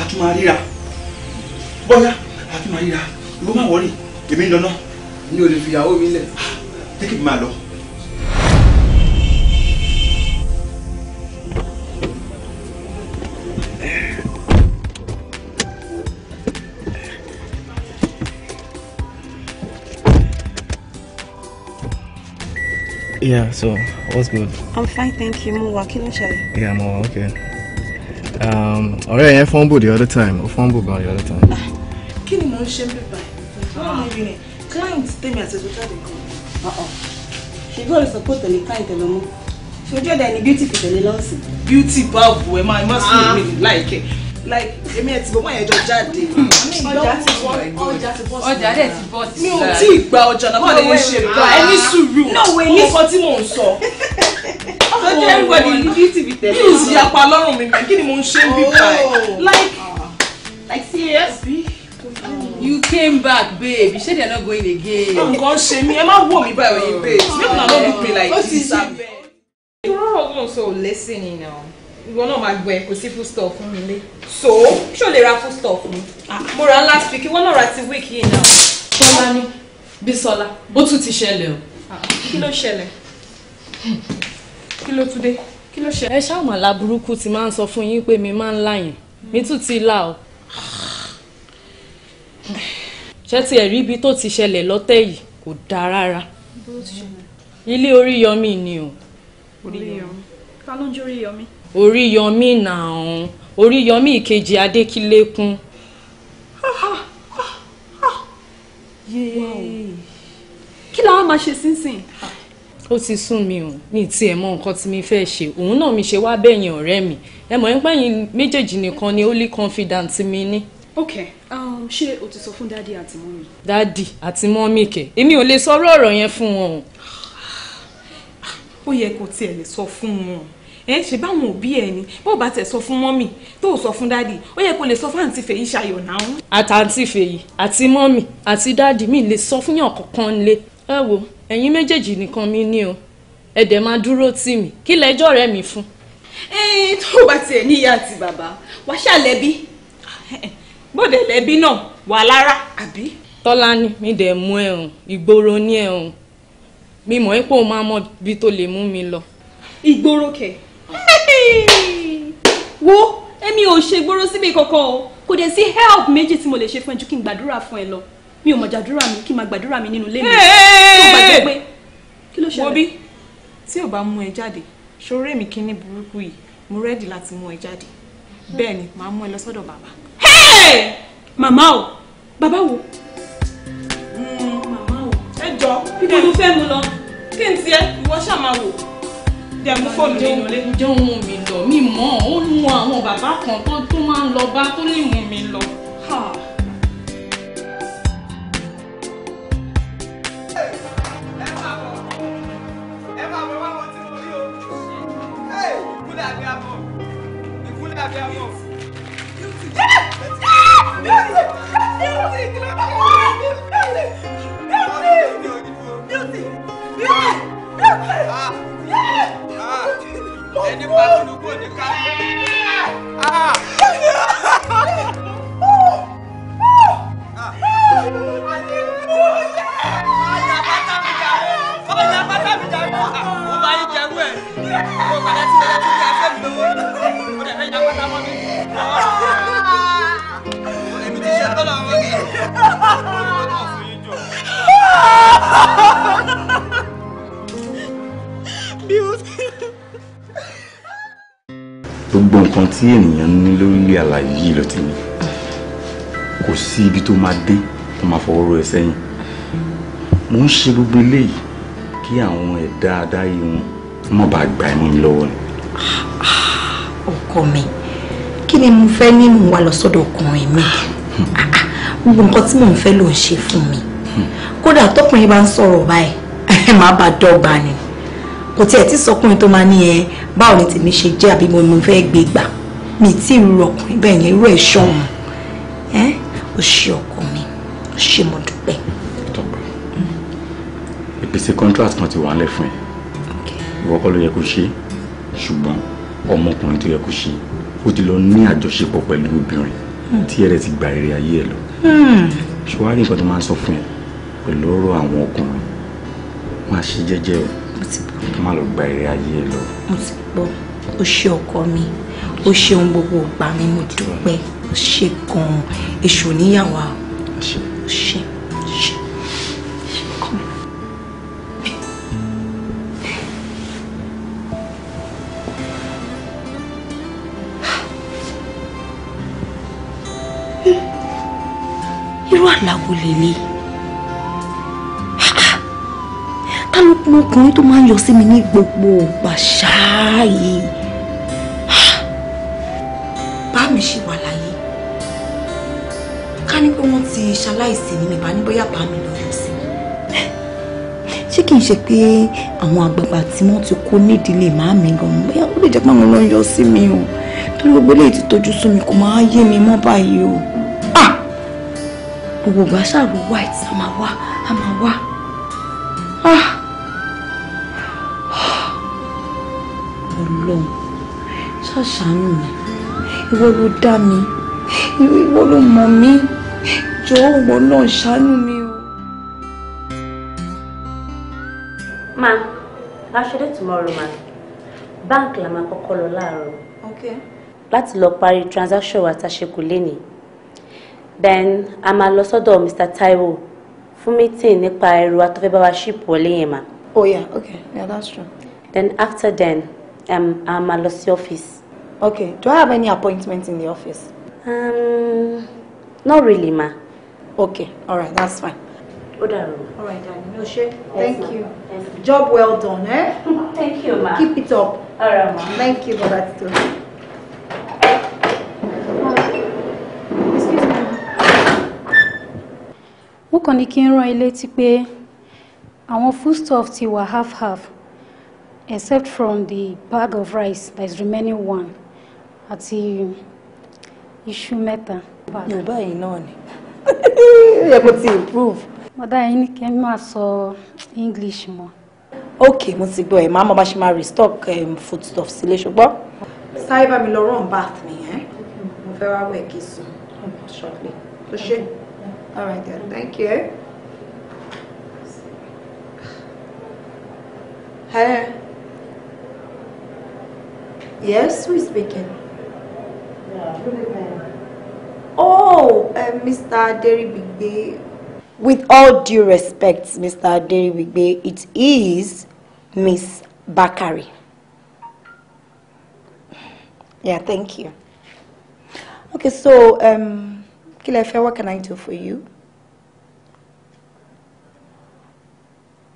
àtúmọ̀ àríra bọ́yá àtúmọ̀ àríra ìwọ má wọrí èmi lọ náà mi ò lè fìyàwó mi lẹ̀ tẹ́kì mi máa lọ. Yeah, so what's good? I'm fine, thank you. Mo wà kí ló ṣẹlẹ̀? Yeah, mo wà okay. Um, ọ̀rẹ́ I fumbled the other time, I fumbled the other time. Ah, kí ni mò ń ṣe bí báyìí? Wọ́n mú mi rìn. Client tèmi àti uh-uh. ìjọba lè kàn. Ṣèbí ọ̀rẹ́ sọ pé òtẹ̀lé client ẹ̀ lọ mú. Ṣojú ẹ̀dá ẹni beauty for the lọ́sìn. Beauty báwo ẹ must be really like it like èmi ẹ̀ hmm. ti bọ́ mọ́ ẹ̀jọ jáde. ọjà ti bọ́ ọjà ti bọ́ sí. ọjà dẹ̀ ti bọ́ sí. mi ò tí ì gba ọjà náà bọ́ọ̀lù yẹn ṣe gba ẹni ah, sùúrù nǹkan tí mò ń sọ. ọjọ́ everybody need to be tẹ̀lé. mi ò sì yapa lọ́rùn mi mẹ́ kí ni mo ń ṣe ń bí báyìí. Oh. like like You came back, babe. You said you're not going again. I'm gonna shame me. I'm not warm about you, babe? Make una not look me like this, babe. You're all so you know ìwọ náà máa gbọ́ kò sí full stop fún mi lé so ṣó lè ra full stop fún mi ah. mo ra last week ìwọ náà ra ti week yìí náà. tọ́lá ní bísọ́lá ó tún ti ṣẹlẹ̀ o. Ah, kí ló ṣẹlẹ̀ kí ló tún dé kí ló ṣẹlẹ̀. ẹ ṣáàmù aláburúkú ti máa ń sọ fún yín pé mi máa ń láyìn mi tún ti là o. ṣé ti ẹ̀rí ibi tó ti ṣẹlẹ̀ lọ́tẹ̀ yìí kò dáa rárá ilé orí yọmí ni o. orí yọmí ta ló ń jó orí yọmí. Oríyọmí nàún Oríyọmí ìkejì Adékílékún. kí làwọn máa ṣe sínsìn. ó ti sún mi o ní tiẹ̀ mọ nǹkan tí mi fẹ́ ṣe òun náà mi ṣe wá bẹ̀yìn ọ̀rẹ́ mi ẹ mọ̀ nípa ẹ̀yin méjèèjì nìkan ni only confidant mi ní. ok um, ṣé o ti sọ fún dádì àti mọ́mì. dádì àti mọ́mì kẹ̀ èmi ò lè sọ ọ̀rọ̀ yẹn fún wọn o. ó yẹ kó tiẹ̀ lè sọ fún wọn ẹ ṣe báwọn òbí ẹ ni bó o bá tẹ sọ fún mọ́mì tó o sọ fún dáàdì ó yẹ kó lè sọ fún àǹtí fèyí ṣayọ̀ náà. àtàǹtí fèyí àti mọ́mì àti dáàdì mi lè sọ fún yàn kankan lé ẹ wo ẹ̀yin méjèèjì nìkan mi ní o ẹ dẹ̀ máa dúró tì mí kí lẹ́jọ́ rẹ̀ mi fún. ẹ tó o bá tiẹ̀ níyà àti bàbá wà ṣàlẹ́bí bóde lẹ́bí náà wà lára àbí. tọ́lá ni mi dẹ̀ mú ẹ̀hún ìgboro ní ẹ̀hún mi mọ̀ ẹ́ pé o máa mọ ibi tó lè mú mi lọ. ìgboro kẹ̀ wo èmi ò ṣe gbóró síbi kankan o kò dé sí help méjì tí mo lè ṣe fún ẹ ju kí n gbàdúrà fún ẹ lọ mi ò mọ̀ jàdúrà mi kí n máa gbàdúrà mi nínú ilé mi tó gbàgbé pé kí ló ṣẹlẹ̀. wọ́bí tí ò bá mú ẹ jáde ṣòro èmi kí ní burúkú yìí mo rẹ́dì láti mú ẹ jáde bẹ́ẹ̀ ni màá mú ẹ lọ sọ́dọ̀ bàbá. màmá o bàbá wo. Hmm, màmá o ẹ jọ kí ni fẹ́ mu lọ kí n tiẹ̀ ìwọ ṣáà wò dẹ̀mú fóònù nínú ilé. ǹjẹ́ òun mi lọ mi mọ̀ ó ń wọn àwọn bàbá kan tó máa ń lọ bá tó lè wọ́n mi lọ. Beauty! Beauty! Beauty! ẹni pàtàkùn ní kárí. Ha ha ha! abuse. gbogbo nǹkan tí ènìyàn ní lórí àlàyé yìí ló ti ní kò sí ibi tó máa dé tó máa fọwọ́ rọ ẹ sẹ́yìn mo ń ṣe gbogbo eléyìí kí àwọn ẹ̀dá adáyé wọn má bàa gbà ẹ́ mọ́ mi lọ́wọ́ ni. ọkọ mi kí ni mo fẹ́ ní mò ń wá lọ sọ́dọ̀ ọkùnrin mi gbogbo nǹkan tí mò ń fẹ́ ló ń ṣe fún mi kódà tọkùnrin bá ń sọ̀rọ̀ báyìí má bàa dọ́gba ni kò tiẹ̀ tí sọkùnrin tó máa ní ẹ báwo ni tèmi ṣe jẹ́ àbí mo fẹ́ gbé gbà mi tí irú ọkùnrin bẹ́ẹ̀ yẹn irú ẹ̀ ṣọ̀hún ẹ ó ṣe ọkọ mi ó ṣe mo dúpẹ́. ìpèsè contract kan ti wà nílẹ̀ fún ẹ ìwọ kọ́ ló yẹ kó ṣe ṣùgbọ́n ọmọkùnrin tó yẹ kó ṣe ó ti lọ ní àjọṣepọ̀ pẹ̀lú obìnrin hmm. tí ẹ rẹ̀ ti gba èrè ayé ẹ lọ hmm. ṣùgbọ́n nǹkan tó máa ń sọ fún ẹ pẹ̀lú ọ̀rọ̀ àwọn ọkùnrin máa ṣe jẹ́jẹ́ o mo ti gbọ́. má lọ gba èrè ayé ẹ lọ. mo ti gbọ́ o ṣe ọkọ mi o ṣeun gbogbo ìgbà mi mo dúpẹ́ o ṣe gan-an èṣù níyàwó o ṣe ṣe. irú àlàwo lélẹ́yìí. ọkùnrin tó máa ń yọ sí mi ní gbogbo ògbà ṣáá bá mi ṣì wà láyé ká ní pé wọ́n ti ṣaláìsí ní ìbá ní bóyá bá mi lọ yọ sí ṣé kìí ṣe pé àwọn àgbààgbà tí wọ́n ti kó nídìílé màá mi gan bóyá ó lè jẹ́ pé àwọn ló ń yọ sí mi o torí gbogbo eléyìí ti tọ́jú sún mi kò máa yé mi mọ́ báyìí o ah! gbogbo ìgbà ṣàrò white a máa wá a máa wá. ṣàṣàánú mi ìwọ ló dá mi ìwọ ló mọ̀ mí jọ̀ọ́ ìwọ náà ṣàánú mi o. ma aṣọ́dé tomorrow ma bank la máa kọ́kọ́ lọ láàárọ̀ láti lọ parí transaction wa tá ṣe kù lénìí then a máa lọ sọ́dọ̀ Mr. Taiwo fún meeting nípa ẹrù atọ́fẹ́ bá wa ṣìpù yẹn ma. oh yeah okay yeah that's true. then after then um, a máa lọ sí ọ́fíìsì. Okay. Do I have any appointments in the office? Um, not really, ma. Okay. All right. That's fine. Ó All right, darling. No shame. Thank yes, you. Yes. Job well done, eh? Thank you, ma. Keep it up. All right, ma. Thank you, for Baba Tito. Mo kàn ní kí n rán ẹ létí pé àwọn foodstuff ti wà half half except from the bag of rice that is remaining one àti iṣu mẹ́ta. yorùbá yìí náà ni ó yẹ ti improve. mọ̀dá yìí ní kí ẹ máa sọ english mọ́. ok mo ti gbọ́ ẹ̀ máa mọ bá ṣe máa restock um, foodstuff sílé ṣùgbọ́n. sáré bá mi lọ run bath nìyẹn mo fẹ́ wá wẹ̀ kí sùn shortly tó ṣe all right then thank you. Hey. Yes, we're speaking. Oh, uh, eh, Mr. Deribigbe. With all due respect, Mr. Deribigbe, it is Miss Bakari. Yeah, thank you. Okay, so, um, Kilefe, what can I do for you?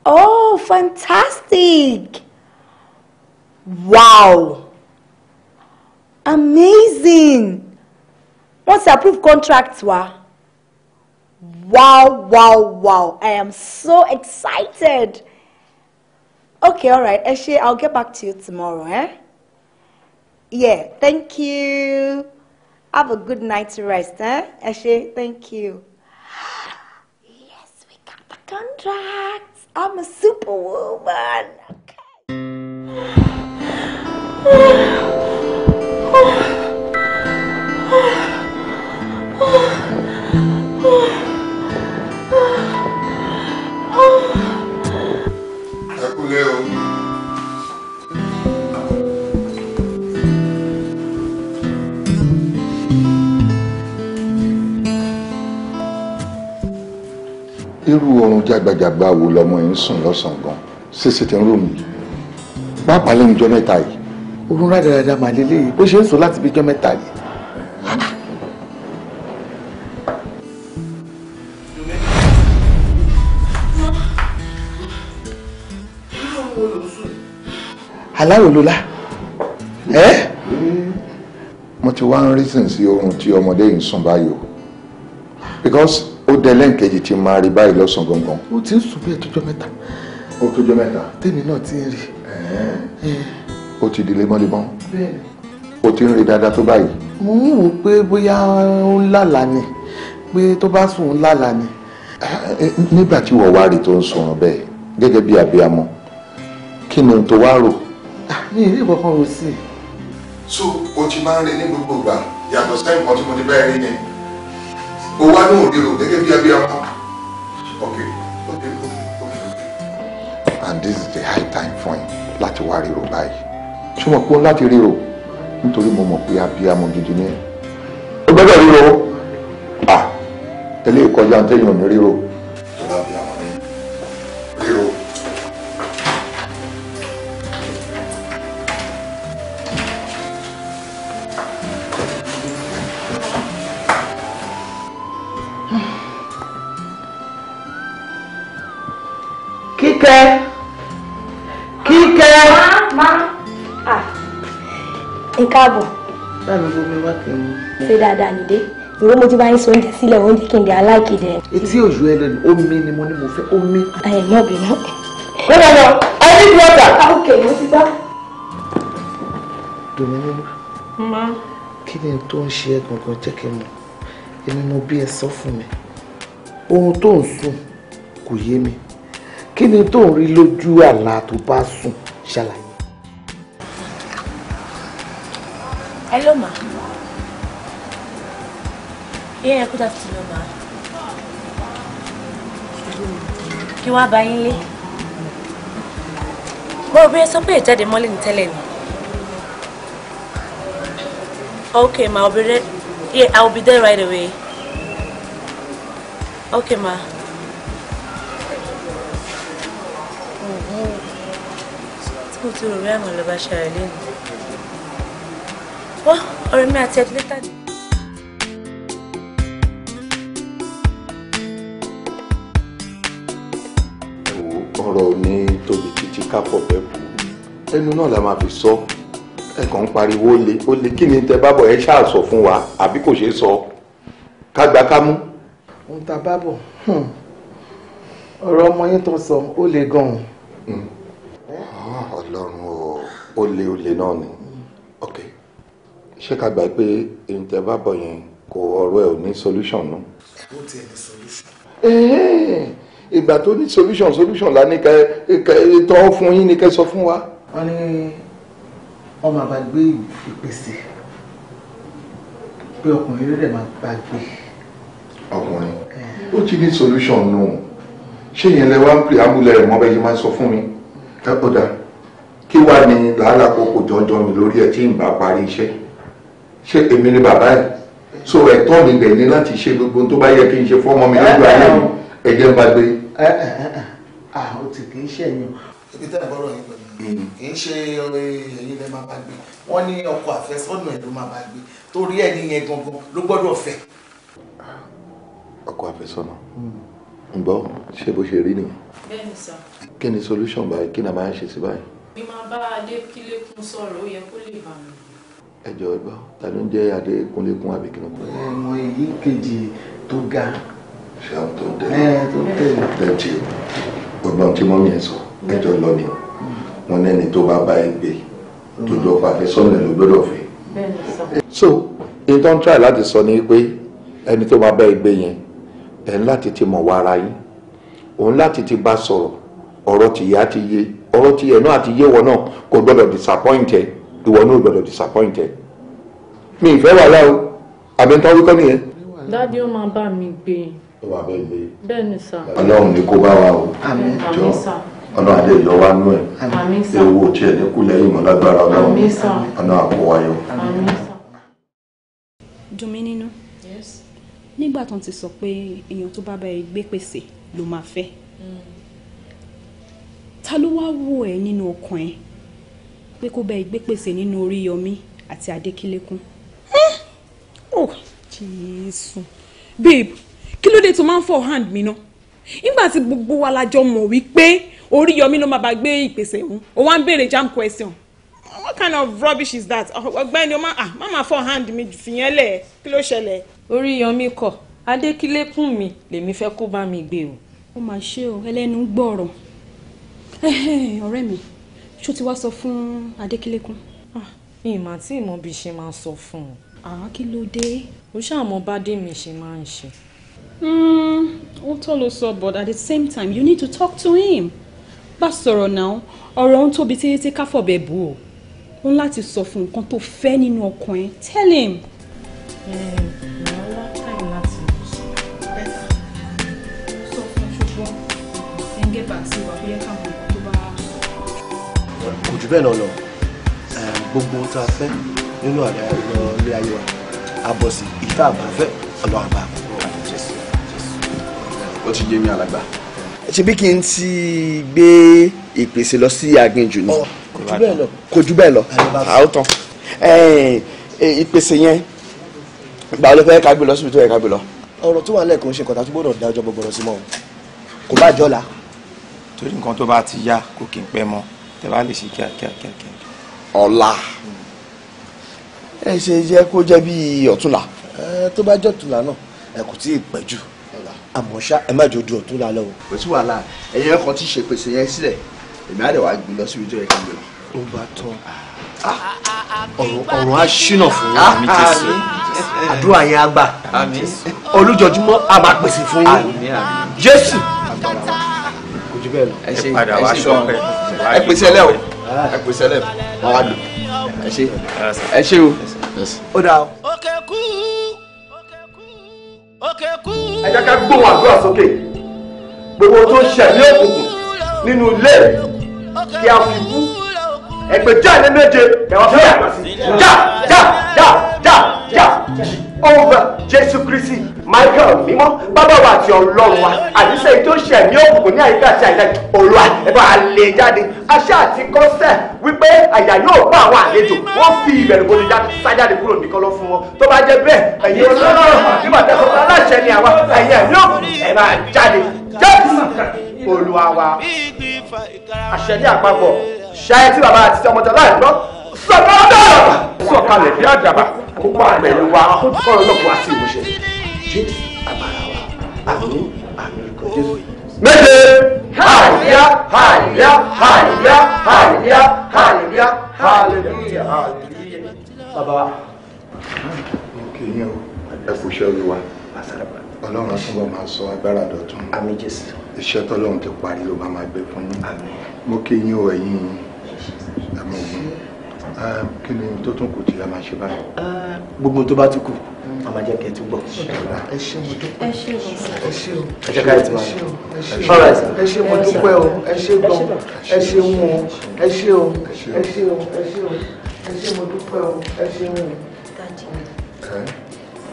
Oh, fantastic! Wow! amazing Once ti approve contracts, wa wow wow wow i am so excited okay all right ṣé i'll get back to you tomorrow eh? yeah thank you have a good night to rest eh? Eshe, thank you yes we got the contract i'm a superwoman okay. irú oorun jágbajàgba wo lọmọ yìí ń sùn lọ́sàn-án gan ṣèṣe tẹ̀ ń rò mí pàápàá lẹ́nu jọ mẹ́ta yìí oorun rádaràda mà lélẹ́yìí bó ṣe ń sùn láti bí jọ mẹ́ta yìí. aláròlólá ẹ. mo ti wá ń rí sìn sí oorun tí ọmọdé yìí ń sùn báyìí o because ó dẹ lẹ́ǹkejì tí máa rí báyìí lọ́sàn-án gangan. ó ti ń sùn bí ẹ̀tọ́jọ́ mẹ́ta. ó tọ́jọ́ mẹ́ta. tèmi náà ti ń rí. ó ti di lemọ́lemọ́. ó ti ń rí dáadáa tó báyìí. mo ń wò pé bóyá ó ń lálà ni pé tó bá sùn ń lálà ni. nígbà tí wọ́n wá rí tó ń sọ̀rọ̀ bẹ́ẹ̀ gẹ́gẹ́ bí abiyamọ kí ni tó wá rò. Ah, mi ì rí ìkọ̀kan rò sí so o ti máa ń rí ní gbogbo ìgbà yàtọ̀ o wá ní òde rò gẹ́gẹ́ bí abiyamọ. okay okay okay. and this is the high time for him láti wá rírò báyìí. ṣé mo pọ́n láti rírò nítorí mo mọ̀ pé abiyamọ gidi ni ẹ. ó gbọ́dọ̀ ah eléyìí kọjá ní tẹ́yìn ò ní rírò. káàbọ̀. báwo ló fẹ́ wá kẹ́mu. ṣé dáadáa nìdé ìwé mo ti bá yín sọ oúnjẹ sílẹ̀ oúnjẹ kí n dẹ̀ aláìkè etí òjò ẹ lẹnu omi ni mo ní mo fẹ́ omi. ẹ má bínú. ó lọ lọ i need water. Ah, okay, mo ti gbọ́. dominique kí ni tó ń ṣe ẹ gangan jẹ́ kí n mọ̀ èmi mo bí ẹ sọ fún mi ohun tó ń sùn kò yé mi kí ni tó ń rí lójú àlá tó bá sùn ṣàlàyé. Hello, ma. Yeah, good afternoon, ma. Kí wá bá yín lé? Mo rò bí ẹ sọ pé ìjáde mọ́lẹ̀ ní tẹ́lẹ̀ ni. Okay, ma, I'll be there. yeah, I will be there right away. Okay, ma. Tí mo ti rò rí àmọ́ lọ bá ṣe àìlè nù wá ọ̀rẹ́ mi àti ẹ̀dùn létà ni. ọ̀rọ̀ ò ní tóbi títí ká pọ̀ bẹ́ẹ̀ kú ẹnu náà la máa fi sọ ẹ̀kan ń pariwo le ó le kí ni tẹ bá ẹ ṣáà sọ fún wa àbí kò ṣeé sọ ká gbà ká mú. ohun tá a bá bọ̀ hmm, ọ̀rọ̀ ọmọ yín tó sọ ó le gan-an. Hmm. Ah, ọlọ́run o ó le ó le náà ni ṣé ká gbà pé èyí tẹ́ yẹn kò ọ̀rọ̀ ẹ̀ ò ní solution nù. ó ti ẹ̀ solution. ìgbà tó ní solution solution la ní kẹ kẹ tọ́ fún yín ní kẹ sọ fún wa. wọ́n ní wọ́n máa bá gbé ìpèsè pé ọkùnrin ló dẹ̀ máa bá ọkùnrin ó ti ní solution nù ṣé yẹn lẹ wá ń pè ámúlẹ̀ rẹ̀ mọ́ bẹ́ẹ̀ yìí máa sọ fún mi ẹ ó dáa kí wàá ní làálàá kókò jọjọ mi lórí ẹ tí ń bá parí iṣẹ́ ṣé èmi ni bàbá ẹ̀ so ẹ̀tọ́ mi bẹ̀ ni láti ṣe gbogbo tó bá yẹ kí n ṣe fọ́mọ mi lójú eh, eh, ayé mi oh. ẹ̀jẹ̀ ń bá gbé. àwọn tí kì í ṣe ẹ̀yàn. ibi tẹ́ ẹ̀ bọ́rọ̀ yín pẹ̀lú kì í ṣe ẹ̀yin hmm. lẹ́ máa bá gbé wọ́n ní ọkọ àfẹ́sọ́nà ẹ̀ ló máa bá gbé torí ẹni yẹn gangan ló gbọ́dọ̀ fẹ́. ọkọ àfẹ́sọ́nà ǹgbọ́ hmm. ṣé bó ṣe rí nìyẹn. bẹ́ẹ̀ni sá. kí ni solution báyìí kí ni a máa ń ṣe sí báyìí. mi máa ẹjọ ẹgbọ ta ló ń jẹ adékúnlékún àbíkínúkún. ẹ mọ èyí kejì tó ga. ṣé àwọn tó ń tẹ̀lé. ẹ tó ń tẹ̀lé. dẹ́tí ọgbọ́n tí mọ́mí ẹ̀ sọ ẹjọ lọ ni mm. wọn lẹ́ni tó bá bá ẹ gbé tó jọ pàfẹ́ sọ́nà ló gbọ́dọ̀ fẹ́. so in tó ń try láti sọ ni pé ẹni tó bá bá ẹ gbé yẹn ẹ̀ ń láti ti mọ̀ wá ara yín òun láti ti bá sọ̀rọ̀ ọ̀rọ̀ tìyá ti yé ọ̀rọ̀ tìyẹ̀ náà àti yéwọ̀ náà kò gbọ́dọ̀ disappoint ẹ̀ ìwọ náà gbọ́dọ̀ disappoint ẹ mi ìfẹ́ wà láwo àbẹ̀ntàn wíkọ́ nìyẹn. dádì ó máa bá mi gbé e. ó máa bẹ́ẹ̀ gbé e. bẹ́ẹ̀ ni sà. ọlọ́run ní kó bá wa o. àmín jọ ọlọ́run adé yọ wá nú ẹ̀. àmín sà. ewu tiẹ̀ ní kú lẹ́yìn mọ́ lágbára ọlọ́run. àmín sà. ọlọ́run àpò wáyọ. àmín sà. dùn mí nínú. yes. nígbà tó ń ti sọ pé èèyàn tó bá bá ẹ gbé pèsè ló máa fẹ́ mm. ta ló wá wò ẹ nínú ọkàn ẹ pé kó bẹ́ẹ̀ gbé pèsè nínú Oríyọmí àti Adékílékún. jésù babe kí ló dé tó máa ń fọ hand mi ná nígbà tí gbogbo wa la jọ mọ̀ wípé Oríyọmí ló máa bá gbé ìpèsè òun ó wá ń béèrè jam question what kind of rubbish is that ọ̀gbẹ́ni o má ah má máa fọ hand mi fìyẹn lẹ̀ kí ló ṣẹlẹ̀. Oríyọmí kọ Adékílékún mi lèmi fẹ́ kó bá mi gbé o. ó mà ṣe o ẹlẹ́nu gbọ́rọ̀ ọ̀rẹ́ mi ṣó ti wá sọ fún Adékúnlékùn. Ah, ìmọ̀ tí ìmọ̀ bí ṣe máa sọ fún un. àá ah, kí ló dé. ó ṣàmọ́ bá mi ṣe máa ń ṣe. Hmm, ó tọ́ ló sọ but at the same time you need to talk to him. bá sọ̀rọ̀ náà ọ̀rọ̀ ń tóbi títí tí káfọ̀bẹ̀ bù ó ó ń láti sọ fún nǹkan tó fẹ́ nínú ọkàn ẹ̀ tell him. get back to what we are coming kò jù bẹ́ẹ̀ náà lọ gbogbo ohun tá a fẹ́ nínú àlẹ́ ilé ayé wa abọ̀ sí ìta àbá fẹ́ ọ̀nà àbá. ó ti yé mi alàgbà. ṣe bí kí n ti gbé ìpèsè lọ sí aginjù ni kò jù bẹ́ẹ̀ lọ àwọn tán ìpèsè yẹn gbà ló fẹ́ ká gbé lọ síbi tó yẹ ká gbé lọ. ọ̀rọ̀ tó wà lẹ́ẹ̀kan ṣe kọ̀tà tó gbọ́dọ̀ da ọjọ́ gbọ́dọ̀ sí mọ́ kò bá jọ́ la. torí nǹkan tó bá ti yá kò kí n pẹ́ mọ́ tẹ bá lè ṣe kíákíá kíákíá. ọ̀la ẹ ṣe jẹ́ kó jẹ́ bí ọ̀túnla tó bá jẹ́ ọ̀túnla náà ẹ kò tí ì pẹ́ jù àmọ́ ṣá ẹ má jò du ọ̀túnla lọ. kò sí wàhálà ẹ̀yin ọkọ̀ tí ṣe pèsè yẹn sílẹ̀ èmi á lè wá gbé lọ síbi tó yẹ kí n gbé ó bá tán ah. ọ̀run á ṣínà fún wa àmì ah, jésù àdúrà yẹn á gbà olùjọjúmọ́ a máa pèsè fún yín jésù. ẹ padà wá ṣọpẹ́ ẹ pèsè ẹlẹ́ o ẹ pèsè ẹlẹ́ o wàá lò ẹ ṣe ẹ ṣe o ó dáa o. òkè kú òkè kú. ẹ jẹ́ ká gbóhùn àdúrà sókè gbogbo tó ń ṣẹ̀mí òkùnkùn nínú ilé kí a fi wú ẹgbẹ́ jáde méje ẹ̀wọ̀n fẹ́ẹ́ yàgbà sí já já já já já over jésù kristi michael mímọ́ bàbá wa àti ọlọ́run wa àdìsẹ́ èyí tó ṣe ẹ̀mí òkùnkùn ní àyíká àti àyíká olúwa ẹ̀bá àlè e jáde àṣà àti kọ́sẹ̀ wípé àyà yóò bá àwọn àlejò wọ́n fi ìbẹ̀rù bòde sájáde kúrò nìkan lọ fún wọn tó bá jẹ́ bẹ́ẹ̀ ẹ̀yin ọlọ́run nígbà tẹ́sán aláṣẹ ni àwa ẹ̀yin ẹ̀mí òkùnkùn ẹ̀ máa jáde jésù olúwa wa àṣẹ ní àpapọ̀ ṣáyẹ tí bàbá àti ọmọ tọ́lá ẹ̀ lọ sọ̀kalẹ̀ bí àdàbà kó wà pẹ̀lú wa kọ́ ọlọ́pàá wá sí ìmúṣẹ jésù agbára wa àmì àmì ìkọ jésù. méje hallelujah hallelujah hallelujah hallelujah hallelujah hallelujah hallelujah bàbá wa. òkè yẹn o ẹ kú iṣẹ́ olúwa ọlọ́run túbọ̀ máa sọ agbára dọ̀tún àmín jésù iṣẹ́ tọ́lọ́run ti parí ló bá máa gbé fún yín àmín mo kí yín o ẹ̀yin ẹ̀mọ́ Ah, kí ni tó tún kù tí a máa ṣe báyìí. gbogbo tó bá ti kù a máa jẹ́ kí ẹ ti gbọ́. ẹ ṣé mo dúpẹ́ ẹ ṣé o ẹ ṣé o ẹ jẹ́ ká ẹ ti máa lọ. ẹ ṣé mo dúpẹ́ o ẹ ṣé gbọ́n ẹ ṣé wọn o ẹ ṣé o ẹ ṣé o ẹ ṣé o dúpẹ́ o ẹ ṣé wọn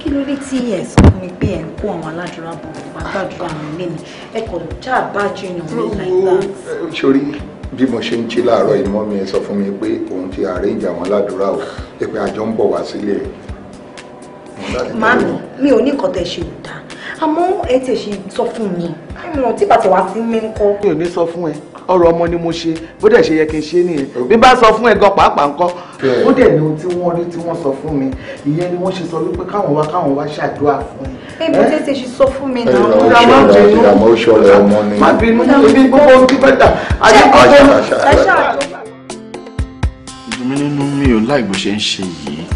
kí ló dé tí ẹ fún mi pé ẹ ń kó àwọn aládùúrà bọ̀ wá gbàdúrà àwọn ilé mi ẹ kò já àbájú ìyàn mi láìpẹ́ bí mo ṣe ń jí láàárọ̀ ìmọ̀ mi sọ fún mi pé òun ti arrange àwọn ládùúrà o pé pé àjọ ń bọ̀ wá sílé ẹ̀. màámi mi ò ní nǹkan tẹ́ ṣe ò dáa ẹ ti ṣe sọ fún mi tí bàtẹ̀ wá sí mi ń kọ́. mi ò ní sọ fún ẹ ọ̀rọ̀ ọmọ ni mo ṣe bó dẹ̀ ṣe yẹ kí n ṣe nìyẹn bí bá sọ fún ẹ̀gàn pàápàá ńkọ́ ó dẹ̀ ní ohun tí wọ́n rí tí wọ́n sọ fún mi ìyẹn ni wọ́n ṣe sọ wípé káwọn wá káwọn wá ṣàdúrà fún mi. ebi tètè ṣe sọ fún mi náà. ìdààmú ìṣọ̀rọ̀ ọmọ ni. má bínú ibi gbogbo ń kíkọ́ dà ìdùnnú nínú mi ò láì bó ṣe ń ṣe yìí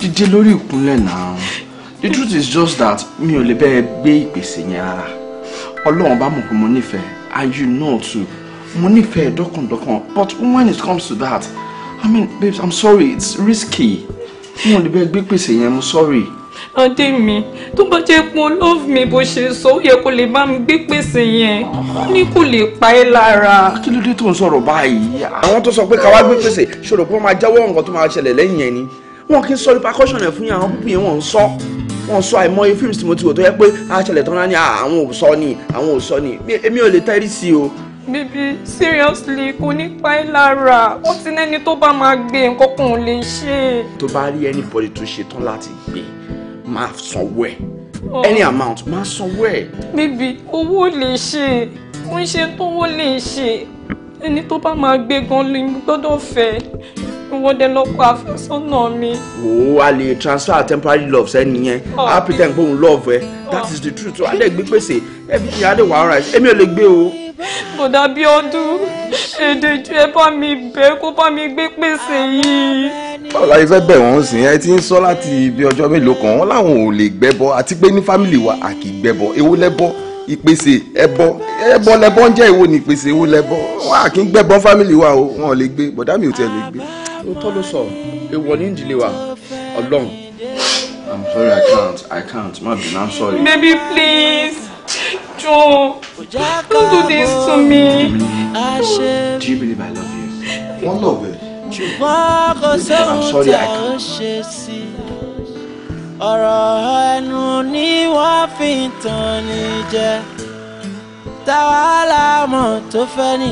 dídé lórí ìkúnlẹ̀ náà the truth is just that mi ò lè bẹ́ẹ̀ gbé ìpèsè yẹn rárá ọlọ́run bá mọ̀ pé mo nífẹ̀ẹ́ and you know too Money fair, dokon dokon. but when it comes to that i mean babes i'm sorry it's risky mo lè bẹ́ẹ̀ gbé pèsè yẹn mo sorry. adé me, tó bá jẹ́ pé love me but she sọ ó yẹ kó lè big piece, gbé pèsè yẹn ó ní kó lè pa ẹ́ lára. kí ló dé tó ń sọ̀rọ̀ báyìí. àwọn tó sọ pé káwá gbé pèsè ṣòro pé wọ́n máa jáwọ́ nǹkan tó máa ṣẹlẹ̀ lẹ́yìn ẹ̀ ni wọn kì í sọ ipa kọ́ṣọ̀nù ẹ̀ fún yẹn àwọn pípín yẹn wọ́n ń sọ wọ́n sọ mo ti wò tó yẹ pé àṣẹlẹ̀ tán náà ni àwọn ò sọ ni àwọn ò sọ ni èmi ò lè tẹ́rí sí o Bébí seriously kò ní pa ẹ́ lára. Ó ti lẹ́ni tó bá máa gbé nǹkan kan ò lè ṣe. Tó bá rí anybody tó ṣe tán láti gbé, máa sanwó ẹ̀. Oh. Any amount máa sanwó ẹ̀. Bébí owó lè ṣe, ó ń ṣe tówó lè ṣe. Ẹni tó bá máa gbé gan lè gbọ́dọ̀ fẹ́. Ìwọ́dẹ lọ́kọ̀ àfẹ́sọ́nà mi. Wò ó, a lè transfer temporary love sẹ́ni yẹn. Á oh. pretend pé òun love ẹ. That is the truth. Alẹ́ gbé pèsè. Everything alẹ́ wà á ra ẹ̀. Èmi ò lè gbé o bọ̀dà bí ọdún èdèjú ẹ bá mi bẹ̀ kó bá mi gbé pèsè yìí. báwo la ṣe fẹ́ bẹ̀ wọ́n sìn ẹ ti ń sọ láti ibi ọjọ́ mélòó kan wọn láwọn ò lè gbẹ́bọ àti pé ní fámìlì wa a kì í gbẹ́bọ èwo lẹ́bọ ìpèsè ẹbọ ẹbọ lẹ́bọ ń jẹ́ èwo ni ìpèsè èwo lẹ́bọ wọn a kì í gbẹ́bọ fámìlì wa o wọn ò lè gbé bọ̀dà mi ò tiẹ̀ lè gbé. ó tọ́ ló sọ èèwọ̀ ní ìdílé wa ọlọ́run. I'm sorry I can't I can't má bínú I'm sorry. Baby please jọ don't do this to me. do you believe I love you? one love it. I'm sorry, sóhun tí a ò ṣe ọ̀rọ̀ ẹnu ni wọ́n fi ń tàn ní jẹ táwa láàmọ̀ tó fẹ́ ní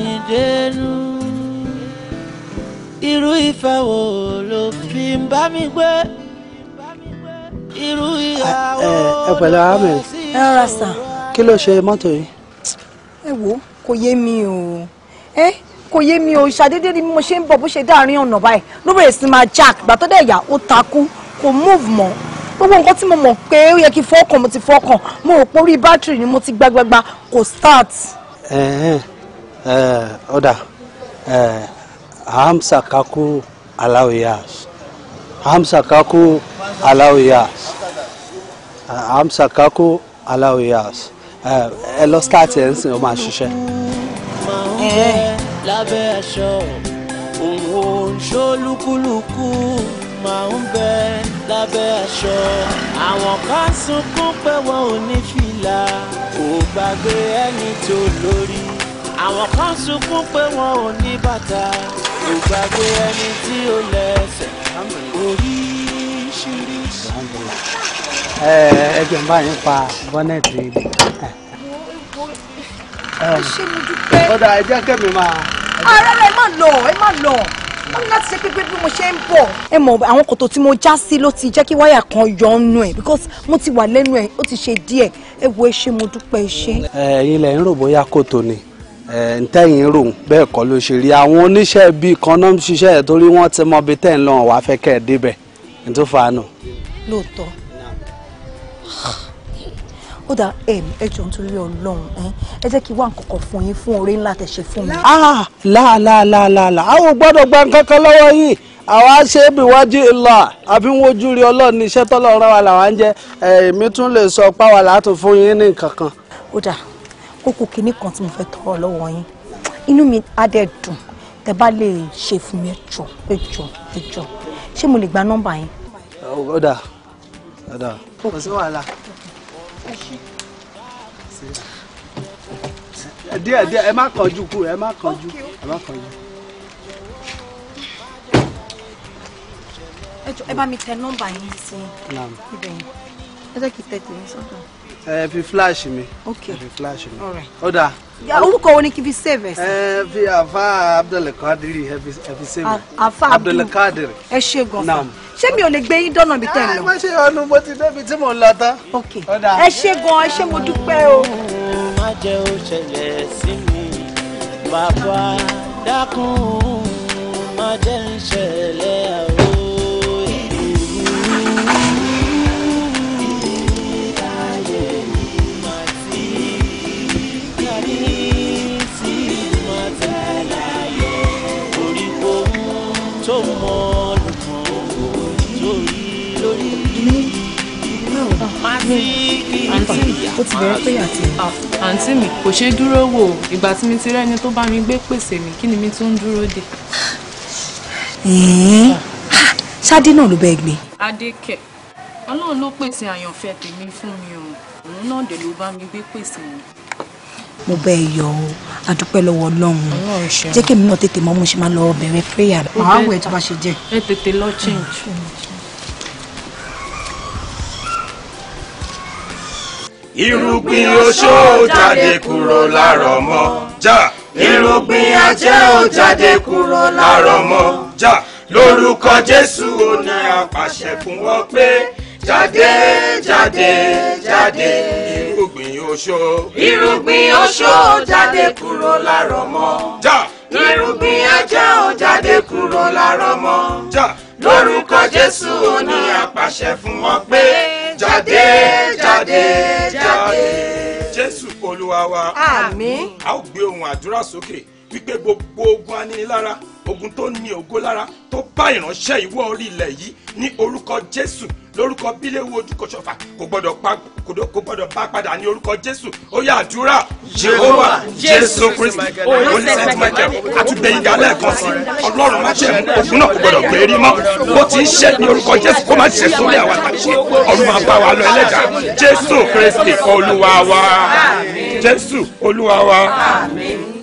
irú ìfẹ́ wo ló fi ń bá mi gbé irú ìyàwó ló sì ń wá sí. ẹ pẹ̀lú ahmed. ẹ rọra sàn kí ló ṣe mọ́tò yìí. ẹ wo kò yé mi o ẹ kò yé mi o ṣàdédé ni mo ṣe ń bọ̀ bó ṣe dáàrin ọ̀nà báyìí ló bẹ̀rẹ̀ sí máa jack gbàtọ́ dẹ̀ yà ó takú kò move mọ́ gbogbo nǹkan tí mo mọ̀ pé ó yẹ kí fọ́ọ̀kan mo ti fọ́ọ̀kan mo rò pé orí bátìrì ni mo ti gbàgbàgbà kò start. ọ̀dà hamsa kaku alawiyas hamsa kaku alawiyas hamsa kaku alawiyas ẹ lọ skáàtì ẹ̀ ń sìn ọ máa ṣiṣẹ́. lábẹ́ aṣọ òun ṣolúkúlùkù máa ń bẹ lábẹ́ aṣọ àwọn kan sunkún pé wọn ò ní fìlà kò gbàgbé ẹni tó lórí àwọn kan sunkún pé wọn ò ní bàtà kò gbàgbé ẹni tí ó lẹ́sẹ̀ oríṣiríṣi ẹjọ bá yín pa bọ́nẹ̀tì ilé. bọ́dà ẹ jẹ́ kẹ́mi máa. ara rẹ̀ má lọ ẹ má lọ wọ́n ní láti ṣe pé bí mo ṣe ń bọ̀. ẹ mọ̀ àwọn kòtò tí mo já sí ló ti jẹ́ kí wáyà kan yọ ọ́nù ẹ̀ because mo ti wà lẹ́nu ẹ̀ ó ti ṣe díẹ̀ ẹ wo ẹ ṣe mo dúpẹ́ iṣẹ́. ẹ̀yin lẹ ń rò bóyá kòtò ni ntẹ́yìn rò bẹ́ẹ̀ kọ́ ló ṣe rí àwọn oníṣẹ́ bíi kan náà ń ṣiṣẹ́ ẹ̀ torí wọ́n ti mọ ibi tẹ́ ń lọ wàá fẹ́ kẹ́ ẹ̀ débẹ̀ ní tó fa nù. lóòótọ́ ó dà ẹ jọ nítorí Ọlọ́run ẹ jẹ́ kí n wá nǹkan fún yín fún oore ńlá tẹ́ ṣe fún mi. Ah, láàlàlàlà àwọn gbọ́dọ̀ gba nǹkan kan lọ́wọ́ yìí àwa ṣe é bíwájú ìlọ àfi ń wojú rí Ọlọ́run ní iṣẹ́ tọ́lọ́ rán wa làwa ń jẹ́ èmi tún lè sọ páwa látò fún yín ní nǹkan kan. ó dà ó kù kinní kan tí mo fẹ́ tọrọ lọ́wọ́ yín inú mi á dẹ̀ dùn tẹ́ bá lè ṣe fún mi ẹ jọ̀ọ́ ẹ jọ̀ọ́ ẹ jọ̀ọ́ ṣé mo lè gba nọ́mbà yín. ó dà ó dà kò sí wàhálà díẹ̀ díẹ̀ ẹ má kánjú kú ẹ má kánjú ẹ má kánjú. ẹ bá mi tẹ nọ́mbà yín sí ibẹ̀ yẹn ẹ jẹ́ kí n tẹ tèmi sọ́dọ̀. ẹ fi fíláàṣì mi ẹ fi fíláàṣì mi ó dáa orúkọ wo ni kí n fi save sí. ẹ fi afa abdulkadiri ẹ fi save afa abdulkadiri. ẹ ṣe gan ṣé mi ò lè gbé yín dọ́nà bí tẹ̀ lọ. ẹ má ṣe ọnu mo ti débi tí mò ń lọ tán. ok ẹ ṣe gan ẹ ṣe mo dúpẹ́ o. má jẹ́ ó ṣẹlẹ̀ sí mi bàbá dákun má jẹ́ ń ṣẹlẹ̀ o. bẹ́ẹ̀ ah. pé àti. Ah, àǹtí mi kò ṣeé dúró wò ó ìgbà tí mi ti rẹ́ni tó bá mi gbé pèsè mi kí ni mi tún ń dúró dè. Ah. ṣáde náà ló bẹ́ẹ̀ gbé. adékẹ ọlọ́run ló pèsè àyànfẹ́ tèmi fún mi o òun náà dé ló bá mi gbé pèsè mi. mo bẹ ẹ yọ ọ adúpẹ́ lọ́wọ́ ọlọ́run jẹ́ kí èmi náà tètè mọ́ mo ṣe máa lọ bẹ̀rẹ̀ prayer àwọn àwẹ̀ tó bá ṣe jẹ́. ẹ tètè lọ change. irúgbìn oṣó ò jáde kúrò lára ọmọ já. irúgbìn ajẹ́ ò jáde kúrò lára ọmọ já. lórúkọ jésù ò ní àpàṣẹ fún wọn pé jáde jáde jáde irúgbìn oṣó. irúgbìn oṣó ò jáde kúrò lára ọmọ já. irúgbìn ajẹ́ ò jáde kúrò lára ọmọ já. lórúkọ jésù ò ní àpàṣẹ fún wọn pé jáde jáde jáde jésù olúwa wa àmín a ó gbé ohùn àdúrà sókè wípé gbogbo ogun anilára ogun tó ní ògo lára tó bá ìránṣẹ́ ìwọ orí ilẹ̀ yìí ní orúkọ jésù lórúkọ bíléwu ojúkọṣọfà kò gbọdọ̀ bá padà ní orúkọ jésù ó yá àdúrà jehova jésù kristi olùsẹ̀tì májẹ̀mú àtúgbẹ̀yìnga lẹ́ẹ̀kan sí ọlọ́run májẹ̀mú ògùn náà kò gbọdọ̀ gbé mọ́ bó ti ń ṣe ní orúkọ jésù kó má ṣe sórí àwa àtàkùn ọ̀run máa bá wa lọ ẹlẹ́dàá jésù kristi olúwa wa jésù olúwa wa. àmín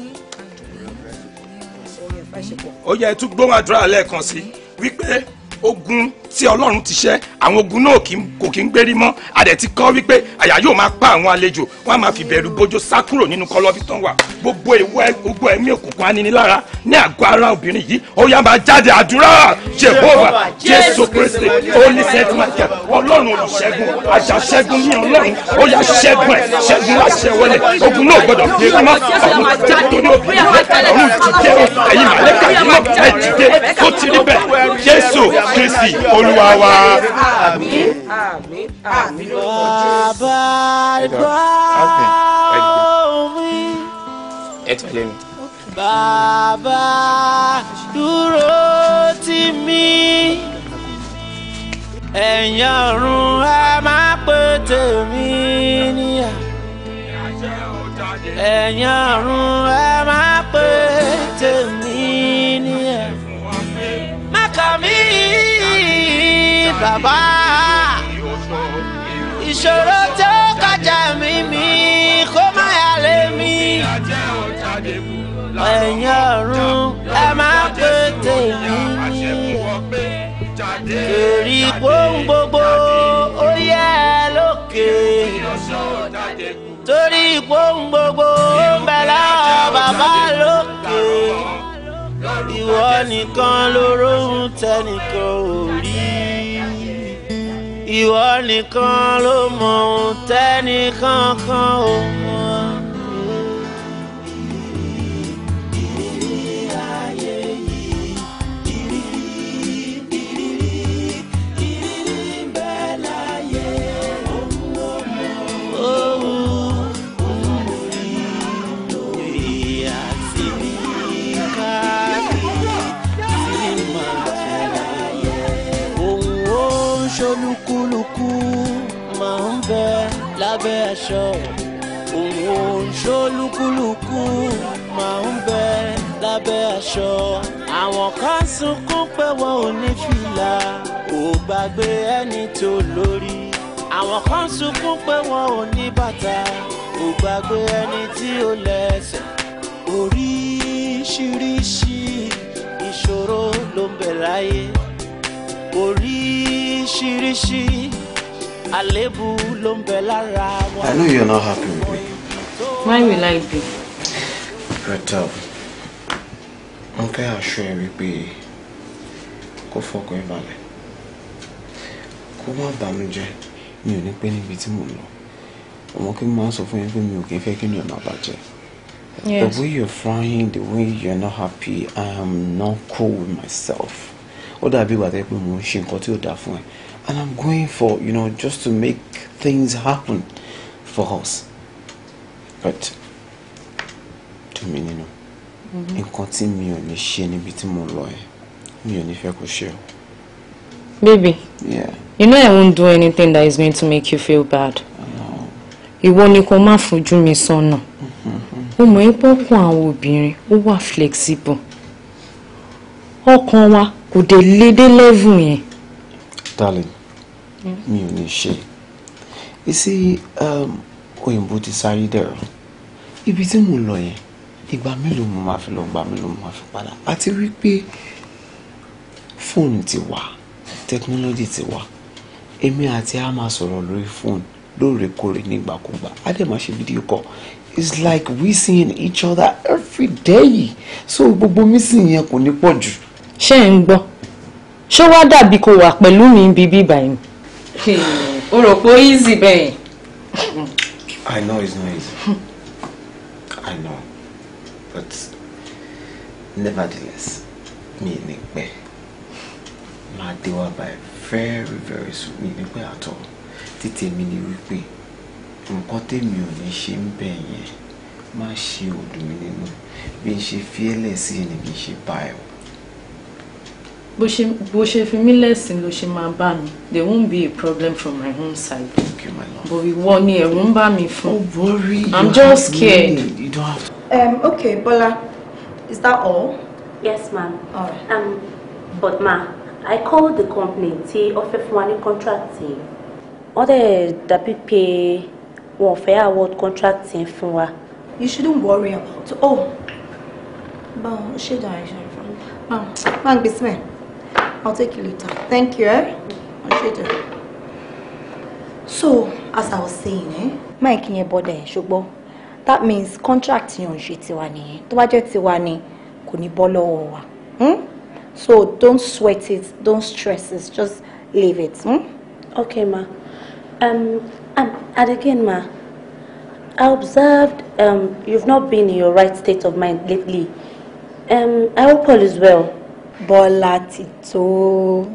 ó yẹ ẹ tún gbóhùn àdúrà lẹ́ẹ̀kan sí wípé ogun tí ọlọ́run ti ṣẹ́ àwọn ogun náà kò kí ń gbérí mọ́ adẹ̀ ti kọ́ wípé àyà yóò máa pa àwọn àlejò wọ́n á máa fi bẹ̀rù bójó sá kúrò nínú kọlọ́bí tán wà gbogbo ìwọ gbogbo ẹ̀mí òkùnkùn aninilára ní àgọ́ ara obìnrin yìí ó yá máa jáde àdúrà Jehovah Jésù Kristi holy saint michael ọlọ́run olùṣẹ́gun àjàṣẹ́gun ní ọlọ́run ó yá ṣẹ́gun ẹ̀ ṣẹ́gun láṣẹ ogun náà gbọ́dọ̀ fi mọ́ olúwa wa. àmín àmín àmín lórúkọ jésù. bàbá gbọ́ mi. ẹ tẹ̀lé mi. bàbá dúró tì mí ẹ̀yìn ọ̀run ẹ má pè tèmi níyà ẹ̀yìn ọ̀run ẹ má. bàbá ìṣòro tó kọjá mímí kó má yà lé mi ẹ̀yin ọ̀run ẹ má pé tèmi kèrì gbóhùn gbogbo ó yẹ lókè torí gbóhùn gbogbo ó ń bẹ lọ́wọ́ bàbá lókè ìwọ nìkan lóró ń tẹnìkan ò rí i ìwọ nìkan ló mọ ohun tẹ́nìkan kan o. Abe aṣọ òun ṣolúkúlùkù máa ń bẹ lábẹ́ aṣọ àwọn kan sunkún pé wọn ò ní fìlà ò gbàgbé ẹni tó lórí àwọn kan sunkún pé wọn ò ní bàtà ò gbàgbé ẹni tí ó lẹ́sẹ̀ oríṣiríṣi ìṣòro ló ń bẹ láyé oríṣiríṣi àlébù ló ń bẹ lára wa. I know you're not happy with me. Why will I be? But wọ́n fẹ́ aṣọ ẹ̀ wípé kó fọkàn ẹ̀ balẹ̀ kó má bànújẹ́ mi ò ní pẹ́ níbi tí mò lọ ọmọ kí n máa sọ fún yín pé mi ò kì í fẹ́ kí ni ọ̀nà àbàjẹ́. Yes. The way you're frying, the way you're not happy, I am not cool with myself. Ó dàbí ìgbà tó yẹ pé mò ń ṣe nǹkan tí ò dáa fún ẹ and I'm going for, you know, just to make things happen for us. But, to me, you know, in mm-hmm. tí mi ò lè ṣe níbi tí mo lọ ẹ̀ mi ò ní fẹ́ Baby, yeah. you know I won't do anything that is going to make you feel bad. Ìwọ ni kò má fojú mi sọ́nà. Mm-hmm. Ó mọ̀ ipò kún àwọn obìnrin, ó wà flexible. Ọkàn wa kò dé lédè level Darling, mi ò ní ṣe you see òyìnbó um, ti sáré dẹ̀rọ̀ ibi tí mo lọ yẹn ìgbà mélòó mo máa fi lọ ìgbà mélòó mo máa fi padà àti wípé fóònù ti wà tẹkinọ́lọ́jì ti wà èmi àti a máa sọ̀rọ̀ lórí fóònù lóòrèkóòrè nígbàkúgbà a dẹ̀ máa ṣe fídíò kọ́ it's like we seeing each other every day so gbogbo mísìn yẹn kò ní pọ̀ jù. ṣé ń gbọ́ ṣé wàá dàbí kó wà pẹ̀lú mi bíbí báyìí o rò pé easy bẹ́ẹ̀. I know it's not easy. I know. But nevertheless, mi ní pẹ́. Máa dé wá báyìí very very soon mi ní pẹ́ àtọ̀. Títí mi ni wípé nǹkan tèmi ò ní ṣe ń bẹ̀ yẹn má ṣe òdùn mi nínú bí n ṣe fi ẹ́lẹ̀ ni bí n ṣe bá ẹ̀ wọ̀ bó ṣe fi mí lẹ́sìn ló ṣe máa bá mi there won't be a problem from my own side okay, my love. but ìwọ ni ẹ̀rù ń bà mí fún worry, i'm just scared. You don't have um, okay Bola is that all. yes ma'am all right. um, but ma i called the company tí ó fẹ́ fún wa ní contract yìí wọ́n dẹ̀ dàbí pé wọn ò fẹ́ award contract fún wa. you shouldn't worry about oh báwo ṣé ìdára ìṣòro fún mi. báwo máa ń gbé I'll take you later. Thank you, eh? So, as I was saying, eh? Mike yẹn bọ́dẹ̀ ṣùgbọ́n that means contract yẹn ò ń ṣe tiwa nìyẹn tó bá jẹ́ tiwa ni kò ní bọ́ hmm? So don't sweat it, don't stress it, just leave it. Hmm? Okay, ma. Um, um, and again, ma, I observed um, you've not been in your right state of mind lately. Um, I hope all is well. Bola Tito.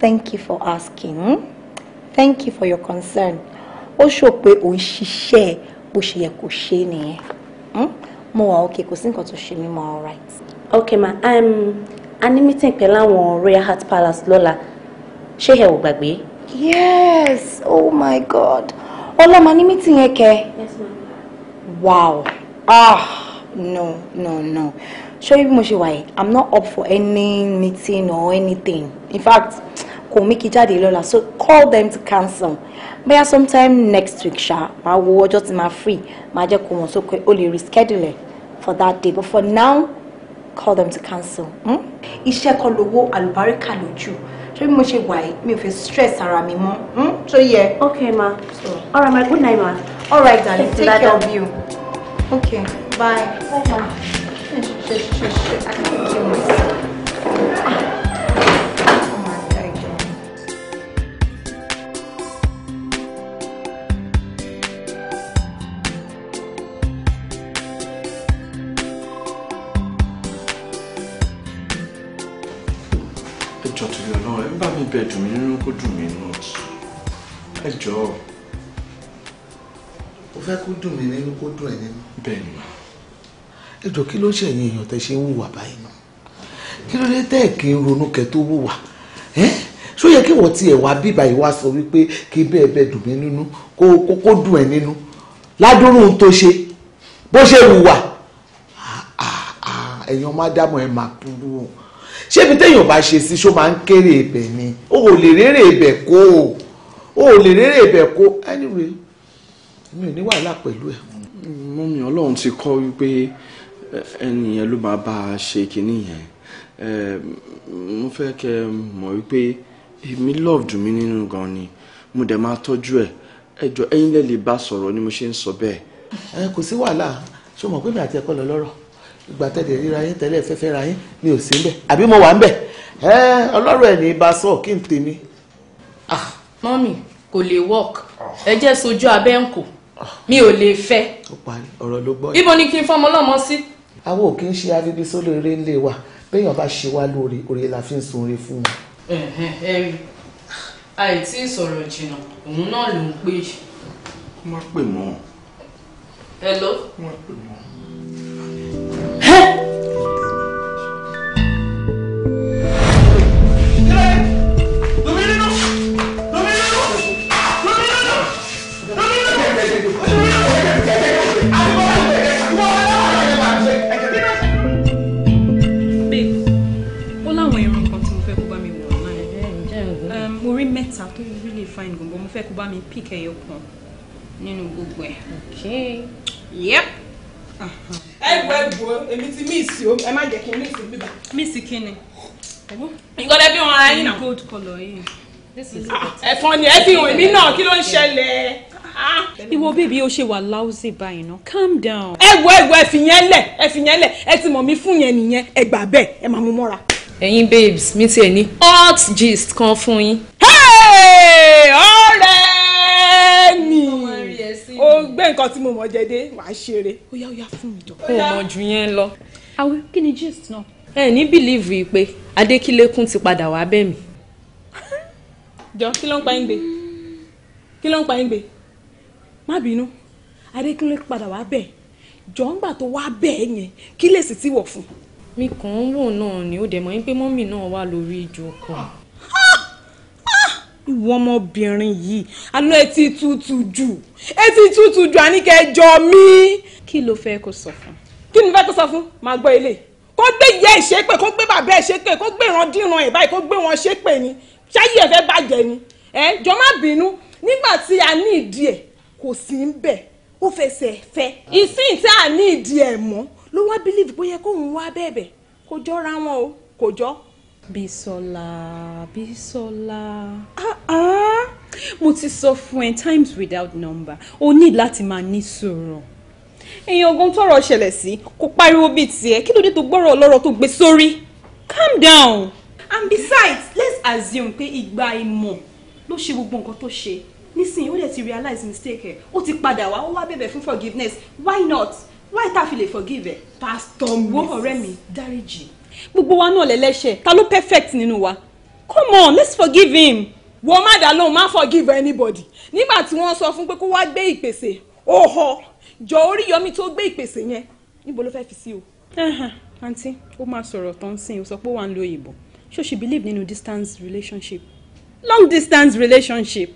Thank you for asking. Thank you for your concern. Ó ṣò pé ò ń ṣiṣẹ́ bó ṣe yẹ kó ṣe nìyẹn. Hmm? Mo wà okay kò sí nǹkan tó ṣe mí mọ́ all right. Okay ma, um, a ní meeting pẹ̀lú àwọn Royal Heart Palace lọ́la. Ṣé ẹ ò gbàgbé? Yes, oh my God. Ọlọ́mọ ní meeting yẹn kẹ. Yes ma. Wow. Ah, no, no, no ṣé bí mo ṣe wà i'm not up for any meeting or anything in fact kò mí kí jáde lọ́la so call them to cancel bóyá sometime next week ṣá máa wo ọjọ́ tí máa free máa jẹ́ kó wọ́n so pé o lè reschedule it for that day but for now call them to cancel. Hmm? iṣẹ́ kan lówó àlùbáríkà lójú ṣé bí mo ṣe wà yìí mi ò fẹ́ stress ara mi mọ́ tó hmm? yẹ. okay ma so. all right good night ma. all darling take care of you. okay bye. bye ma. Shh, shh, shh. I can't kill myself. ẹjọ́ torí Ọlọ́run ẹ ń bá mi bẹ dùn mí nínú kó dùn mí nínú ẹjọ́. ó fẹ́ kó dùn mí nínú kó dùn ẹ nínú. bẹ́ẹ̀ ni ẹjọ kí ló ṣẹ̀yìn èèyàn tẹ́ ṣe ń hùwà báyìí nù kí ló dé tẹ́ ẹ̀ kí n ronú kẹ́ tó hùwà ṣó yẹ kí wọ́n ti ẹ̀ wá bíbá yìí wá sọ wípé kí bẹ́ẹ̀ bẹ́ẹ̀ dùn mí nínú kó kó dùn ẹ̀ nínú ládùrún tó ṣe bó ṣe hùwà ẹ̀yin ọmọ ádámọ̀ ẹ̀ máa kúrú ṣébi téèyàn bá ṣe sí ṣó máa ń kéré ibẹ̀ ni o ò lè rérè ibẹ̀ kó o ò lè rérè ibẹ̀ kó anyway mi ò ní wàhálà pẹ̀lú ẹ̀. mọ́mí ọlọ́run ti kọ́ wípé ẹni yẹn ló máa bá a ṣe kinní yẹn mo fẹ́ kẹ́ mọ̀ wípé èmi love dùn mí nínú gan ni mo dẹ̀ máa tọ́jú ẹ̀ ẹjọ́ ẹ̀yin lè lè bá sọ̀rọ̀ ni mo ṣe ń sọ bẹ́ẹ̀. ẹ kò sí wàhálà ṣó mọ̀ pé mi àti ẹ̀kọ́ lọ lọ́rọ̀ ìgbà tẹ̀lé ríra yín tẹ́lẹ̀ fẹ́fẹ́ ra yín mi ò sí ń bẹ̀ àbí mo wà ń bẹ̀ ẹ ọlọ́rọ̀ ẹ̀ ní bá sọ kí n tèmi. ah mọ́mì kò lè work ẹ jẹ́ sojú abẹ́ ń kò mi ò lè fẹ́. ó parí ọ̀rọ̀ ló gbọ́. ibo ni kí n fọmọ ọlọ́mọ sí àwọn ò kí ń ṣe afibi sólóore ńlẹ̀ wa béèyàn bá ṣe wá lóore oore la fi ń sunre fún un. ẹ ẹ rí àìtí ìsọ̀rọ̀ jìnnà òun náà ló ń pè. wọ́n pè mọ́. hello. wọ́n pè mọ́. fẹ́ kó bá mi pick ẹyọ kan nínú gbogbo ẹ̀. okay. yep. ẹ gbọ́ ẹ gbọ́ èmi ti míìsì o ẹ má jẹ́ kí n míìsì bíbá. míìsì kí ni. ìkọlẹ̀ bí wọn ra yín náà. gold colour yìí. Ah, ẹ̀fọn ni ẹ fi hàn mí náà kí ló ń ṣẹlẹ̀. Ah. Ìwọ bèbí o ṣe wà láwùsì báyìí ná calm down. Ẹ wo ẹ wo ẹ fi yẹn lẹ̀ ẹ fi yẹn lẹ̀ ẹ ti mọ̀ mí fún yẹn nìyẹn ẹ gbà bẹ́ẹ̀ ẹ máa mú mọ́ra ẹ̀yin babes mi tiẹ̀ ní hot gist kan fún yín. ọ̀rẹ́ mi ó gbé nǹkan tí mo mọ̀ jẹ dé wàá ṣeré ó yá ó yá fún mi jọ. kò mọ̀ jù yẹn lọ. àwọn kí ni gist náà. ẹ ní bìlíìfù yìí pé adékílékún ti padà wá bẹ̀ mí. jọ kí ló ń pa yín gbé kí ló ń pa yín gbé má bínú adékílékún padà wá bẹ̀ jọ ńgbà tó wá bẹ̀ yẹn kí lèsì ti wọ̀ fún un mi kàn ń wò náà ni ó dẹ̀ mọ̀ pé mọ́mì náà wà lórí ìjókòó. ìwọ ọmọbìnrin yìí alọ́ etí tútù jù etí tútù jù àníkẹ́jọ mi. kí ló fẹ́ kó sọ fún. kí ni fẹ́ kó sọ fún máa gbọ́ ilé kó gbé ìyá ẹ̀ ṣépè kó gbé bàbá ẹ̀ ṣépè kó gbé ìrandíran ẹ̀ báyìí kó gbé wọn ṣépè ni ṣáyé ẹ̀ fẹ́ bàjẹ́ ni ẹ jọ má bínú nígbà tí a ní ìdí ẹ̀ kò sí ń bẹ̀ ó fẹsẹ̀ fẹ́ ìsìn tí a ní ìdí ẹ̀ mọ́ ló wá bílíìfù pé kóun wá bẹ̀bẹ̀ kò jọra wọn o kò jọ. Bísọ́lá Bísọ́lá ah ah mo ti sọ fún ẹ times without number o ní láti máa ní sùúrù èèyàn ogun tọrọ ṣẹlẹ̀ sí kò pariwo bíi tiẹ̀ kí ló dé tó gbọ́rọ̀ ọlọ́rọ̀ tó gbé sórí calm down and besides let's assume pé ìgbà ìmọ̀ ló ṣe gbogbo nǹkan tó ṣe nísìnyí ó dẹ̀ ti realize mistake ẹ̀ ó ti padà wá ó wá bẹ̀bẹ̀ fún forgiveness why not why ta fi lè forgive ẹ. pastor mi wo ọ̀rẹ́ mi dáríjì. gbogbo wa náà lẹ́lẹ́ṣẹ̀ ta ló perfect nínú wa come on let's forgive him. wọ́n má dá lóhùn má forgive anybody nígbà tí wọ́n sọ fún pé kó wá gbé ìpèsè òhò jọ orí yọmí tó gbé ìpèsè yẹn níbo ló fẹ́ fi sí o. àǹtí ó máa sọ̀rọ̀ tó ń sìn ó sọ pé wà ń lo òyìnbó ṣó she believe nínú distance relationship long distance relationship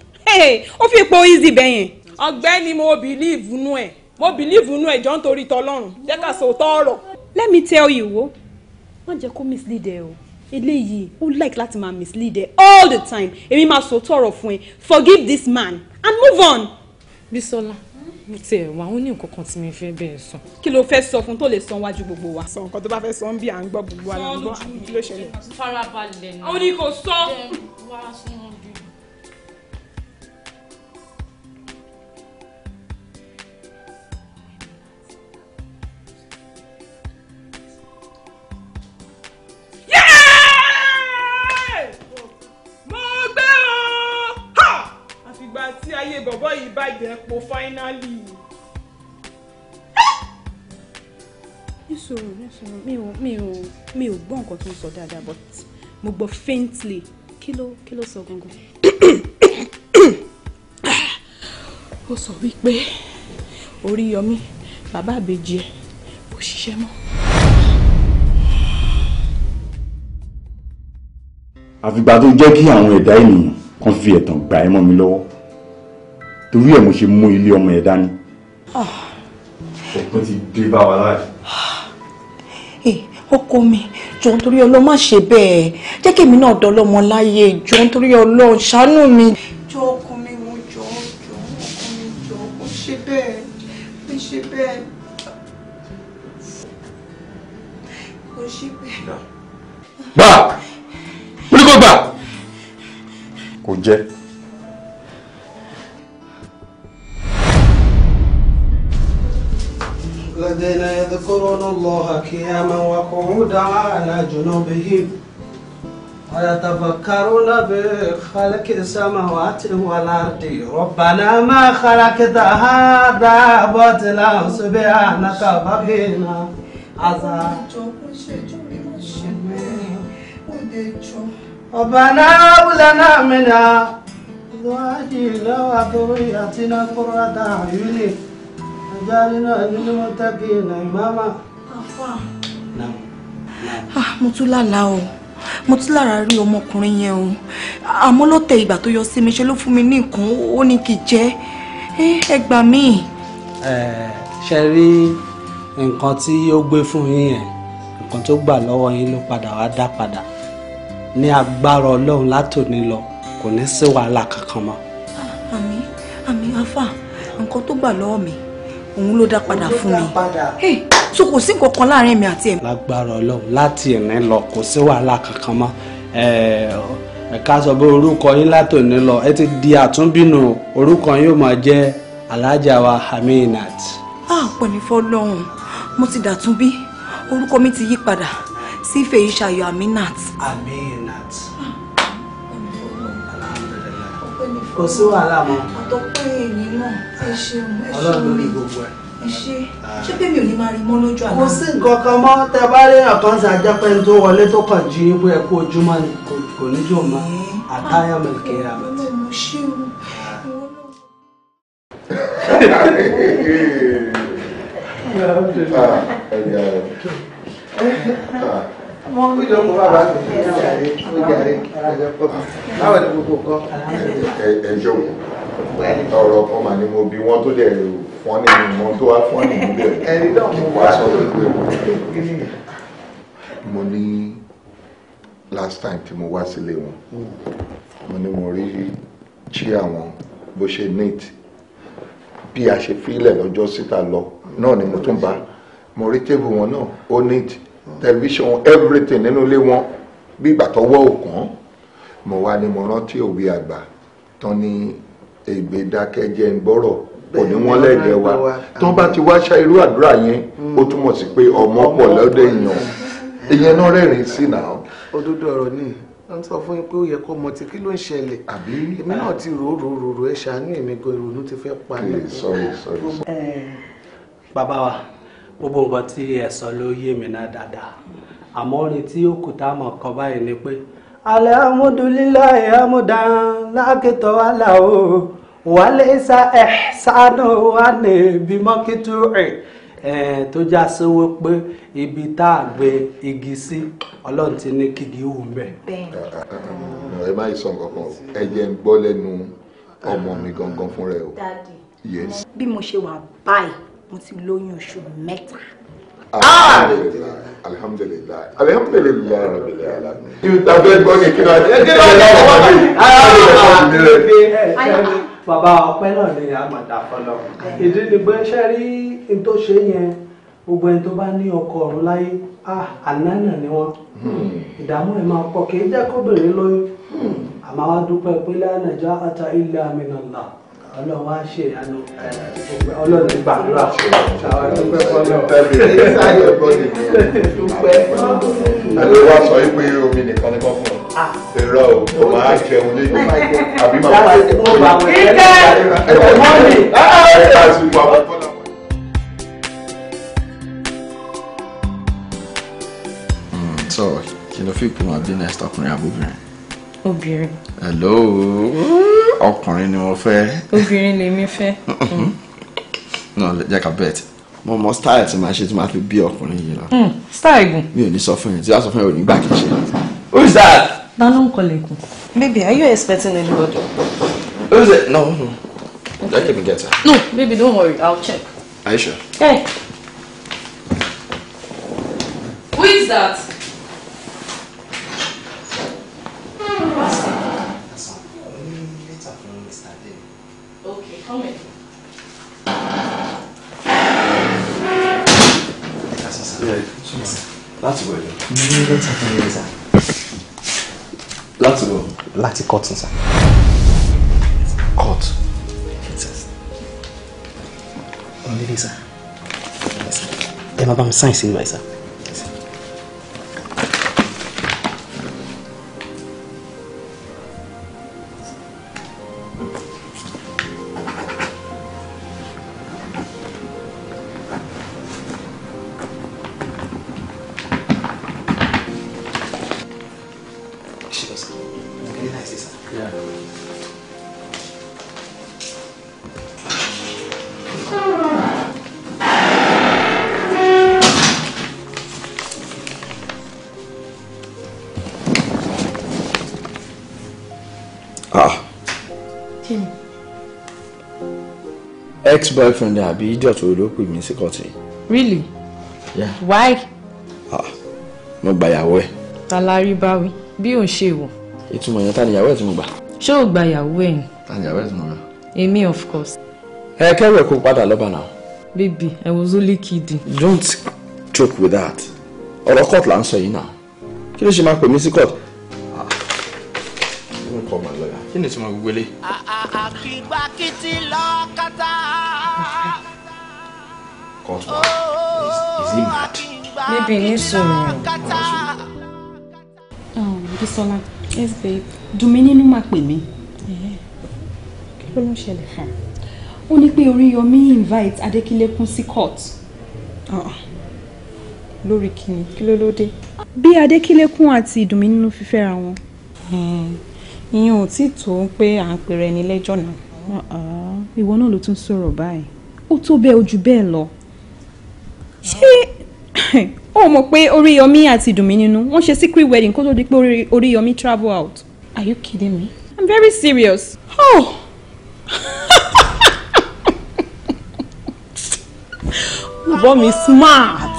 ó fi pé ó easy bẹ́yẹn ni mo believe nú ẹ̀ mo believe inú ẹ̀jọ́ nítorí tọlọ́run jẹ́ ká sọ tọ́ọ̀rọ̀. let me tell you wo wọ́n jẹ́ kó mislead ẹ o eléyìí ó like láti máa mislead ẹ all the time èmi máa sọ tọ́ọ̀rọ̀ fún ẹ forgive this man and move on. Bísọ́lá mo ti ẹ̀ wá ó ní nǹkan kan tí mi fẹ́ bẹ́ẹ̀ sọ. kí ló fẹ́ sọ fún tó lè san wájú gbogbo wa. sọ nǹkan tó bá fẹ́ sọ ń bí à ń gbọ́ gbogbo àlọ́ àbí kí ló ṣẹlẹ̀. farabalẹ̀ náà. ó ní kò sọ. ń sọ mi ò mi ò mi ò gbọ́ nǹkan tó ń sọ dáadáa but mo gbọ́ faintly kí ló kí ló sọ gangan. ó sọ wípé Oríyọmí bàbá àbèjì ẹ kò ṣiṣẹ́ mọ́. àfìgbà tó jẹ́ kí àwọn ẹ̀dá ènìyàn kan fi ẹ̀tàn gbà ẹ́ mọ́ mi lọ́wọ́ torí ẹ̀ mo ṣe mú ilé ọmọ ẹ̀ dání. Ah. ọ̀pọ̀ ti dé bá wa láì ọkọ mi jọ nítorí ọlọ́ má ṣe bẹ́ẹ̀ jẹ́ kí èmi náà dán ọlọ́mọ láyé jọ nítorí ọlọ́ ṣàánú mi. jọ ọkọ mi mo jọ jọ ọkọ mi jọ ó ṣe bẹ́ẹ̀ ó ṣe bẹ́ẹ̀ ó ṣe bẹ́ẹ̀. gbà wọ́n ní kò gbà kò jẹ́. الذين يذكرون الله قياما وقعودا على جنوبهم ويتفكرون بخلق السماوات والأرض ربنا ما خلقت هذا باطلا سبحانك فقنا عذاب ربنا هب لنا من أزواجنا وذريتنا قرة أعين jálínà lílímọ́ tẹ́kì ìnà ìmáàmà. mo tún lálàá o mo tún lára rí ọmọkùnrin yẹn o àmọ́ ló tẹ ìgbà tó yọ sí mi ṣe ló fún mi ní nǹkan ó ní kí jẹ́ ẹ gbà mí. ṣe rí nǹkan tí ó gbé fún yín yẹn nǹkan tó gbà lọ́wọ́ yín ló padà wá dá padà ní agbára ọlọ́run látòní lọ kò ní sí wàhálà kankan mọ́. àmì àmì afa nǹkan tó gbà lọ́wọ́ mi òun ló dá padà fún mi so kò sí nǹkan kan láàrin mi àti ẹ̀. lágbára Ọlọ́run láti ìrìn lọ kò sí wàhálà kankan mọ́ ẹ̀ka sọ pé orúkọ yín látòní lọ ẹ ti di àtúnbínú orúkọ yín ó máa jẹ́ alájà wa Aminat. a pọ̀ fọlọ́hún mo ti dàtún bí orúkọ mi ti yí padà sí Fèyíṣayọ̀ Aminat. Amin. kò sí wàhálà mọ́. àtọ́pẹ́ èyí náà ẹ ṣeun ẹ ṣeun ọlọ́run lórí gbogbo ẹ̀. ẹ ṣe ah. ṣé bẹ́ẹ̀ mi ò ní máa rí mọ́ lójú àná. kò sí nǹkan kan mọ́ tẹ bá rí ọ̀kan sí ajẹ́pẹ́ tó wọlé tó kàn jí ibú ẹ̀ kú ojúmọ́ ni kò ní jò mọ́ àtayọ̀mọ̀ kẹ́ra mọ́. Ah, ah, ah wọ́n jọ kó bàbá mi ó jàre ó jàre ẹjọ́ kó báwo ni gbogbo kan. ẹ jọ ọ̀rọ̀ mà ni mo bí wọ́n tó dẹ̀ fọ́n ní mo tó wá fọ́n ní mo bẹ̀rẹ̀. ẹni náà mo ní last time tí mo wá sílé wọn mo ní mo rí chi àwọn bó ṣe neat bí a ṣe fílẹ̀ lọ́jọ́ síta lọ náà ni mo tún bá mo rí tébù wọn náà ó neat. Television, everything nínú ilé wọn bí ìgbà tọwọ́ òkun mo wá ní mo rántí òwe àgbà tán ní ègbè dákẹ́jẹ́ ń gbọ́rọ̀ òní wọn lẹ́gbẹ̀ẹ́ wa tán bá ti wá ṣá irú àdúrà yẹn ó túmọ̀ sí pé ọmọ pọ̀ lọ́dọ̀ èèyàn ìyẹn náà rẹ́rìn sí náà. òdodo ọ̀rọ̀ ni wọ́n sọ fún yín pé ó yẹ kó mọ̀ tí kí ló ń ṣẹlẹ̀ èmi náà ti rò rò rò rò ẹ ṣàánú èmi gan ìrònú ti fẹ́ pa mí. bàbá wa gbogbo nǹkan tí ẹ sọ ló yé mi náà dáadáa àmọ́ orin tí ó kù tá a mọ̀ kọ́ báyìí ni pé alhamdulilayi amudan lakitọ alawo walesa ẹsanu wane bimọkitu ẹ tó já sí wípé ibi tá a gbé igi sí ọlọ́run ti ní kìgì wù mbẹ́. ẹ má sọ nǹkan kan ẹ jẹ́ ń gbọ́ lẹ́nu ọmọ mi gangan fúnra ẹ o. bí mo ṣe wà báyìí mo ti lóyún oṣù mẹ́ta. alhamdulilayi alhamdulilayi rabbil alamin. ibi ta fẹ́ gbọ́ ní kíni ọ̀dẹ́ ẹ̀jẹ̀ náà lọ́wọ́ wà ní. bàbá ọpẹ́ náà ni a máa dà fọlọ ìdí ni pé ṣe rí n tó ṣe yẹn gbogbo ẹni tó bá ní ọkọ ọ̀run láyé ah, àná ni wọn hmm. ìdààmú ẹ máa pọ̀ kì í jẹ́ kóbìnrin lóyún àmọ́ hmm. wá dúpẹ́ pé lánàá já ata illa minallah ọlọ́run wá ṣe ìyanu ọlọ́run gbàdúrà àwọn dúpẹ́ fọlọ́. tẹ́lẹ̀ ní sáyé bọ́dì dúpẹ́. ẹ̀rọ wa sọ wípé omi nìkan ni kò fún un. èrò ah. o máa jẹun lé ní àbí màmá. ìtẹ́ ẹ̀rọ mọ́nì. ẹ̀ka sí wàhálà bọ́lá. sọ kí ló fi kún àbí next ọkùnrin àbúbìnrin. obìnrin. hello ọkùnrin ni mo fẹ́. obìnrin lèmi fẹ́. Mm-hmm. náà jẹ́ ká bẹ́ẹ̀ tí mo mọ style tí màá ṣe tí màá fi bí ọkùnrin yìí lọ. Hmm, style gùn. mi ò ní sọ fún yẹn tí wàá sọ fún yẹn ò ní gbà kí n ṣe. who is that. ta ló ń kọlẹ̀ kù. baby are you expecting anybody. who is it no no okay. let me get her. no baby don't worry i'll check. are you sure. Hey. who is that. láti wẹ̀ lọ. ní lẹ́tà tó yẹ sá. láti lọ. láti kọ́ọ̀tù sá. kọ́ọ̀tù. ọ̀nlẹ́lẹ́ sá. ẹ má bá mi sáyẹ̀nsì nígbà yìí sá. ex boyfriend àbí idiot wo ló pè mí sí kọ́ọ̀tì. really yeah. why. ah mo gba ìyàwó ẹ. talari báwí bí òun ṣe wò. ìtumọ̀ yẹn ta ni ìyàwó ẹ̀ tí mo gbà. ṣé o gba ìyàwó ẹ̀ ni. ta ni ìyàwó ẹ̀ tí mo gbà. èmi of course. ẹ kẹ́rù ẹ̀ kó padà lọ́ba náà. baby i was only kidding. don't joke with that ọ̀rọ̀ court là ń sọ yìí náà kí ló ṣe máa pè mí sí court kí ni ìtumọ̀ gbogbo eléyìí. àkìgbàkìtì lọ́kàtà. God oh, wow. Is, is he mad? Maybe he needs to. Um, Bisola, yes babe. Dùnmí nínú máa pè mí. Kí ló ló ṣẹlẹ̀? Ó ní pé Oríyọmí invite Adékílékún sí court. Uh-uh. Lórí kíni, kí ló ló dé? Bí Adékílékún àti Dùnmí nínú fífẹ́ra wọn. Hmm ìyẹn ò tí tó pé à ń pèrè ẹni lẹ́jọ́ náà. Uh-uh. ìwọ náà ló tún sọ̀rọ̀ báyìí ó tó bẹ́ẹ̀ ojú bẹ́ẹ̀ lọ. ṣé o mọ̀ pé Oríyọmí àti Dùnmí nínú wọ́n ṣe secret wedding kó tó di pé Oríyọmí travel out. Are you kidding me? I'm very serious. Oh. bọ́ mi smart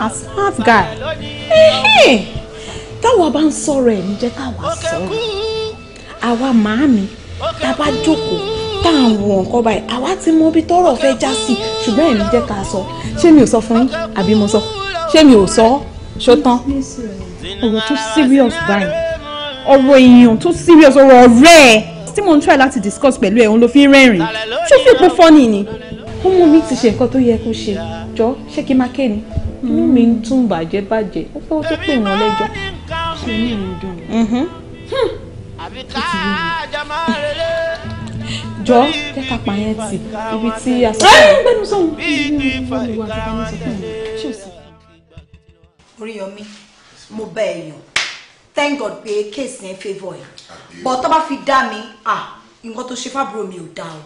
a smart guy. Táwa bá ń sọ̀rọ̀ ẹ̀ níjẹ́ táwa sọ̀rọ̀ àwa màámi tá a bá jókòó tá à ń wo nǹkan báyìí àwa ti mọ ibi tọ́rọ̀ fẹ́ já sí ṣùgbọ́n èmi jẹ́ ká sọ ṣé mi ò sọ fún yín àbí mo sọ ṣé mi ò sọ ṣó ọ̀rọ̀ tó serious báyìí ọ̀rọ̀ èèyàn tó serious ọ̀rọ̀ ọ̀rẹ́ ẹ̀ tí mo ń try láti discuss pẹ̀lú ẹ̀ òun ló fi ń rẹ́rìn ṣó fi pò fọ́ọ̀nì ni ọmọ mi ti ṣe nǹkan tó yẹ kó ṣe jọ ṣé kí n máa ké ni inú mi ń tún bàjẹ́ bàjẹ́ ó pé ó tó pè wọ́n lẹ́jọ́ ṣe ní ìrìn dùn jọ kẹka pààyàn tì ibi tí a sọ fún mi gbẹnu sọhùn ibi ìwọ ìwà àtàkùn sọ fún mi ṣé o sì. Oríyọmí mo bẹ èèyàn thank God pé kéèsì yẹn favour ẹ but tó bá fi dá mi nǹkan tó ṣe fábúrò mi ò dá o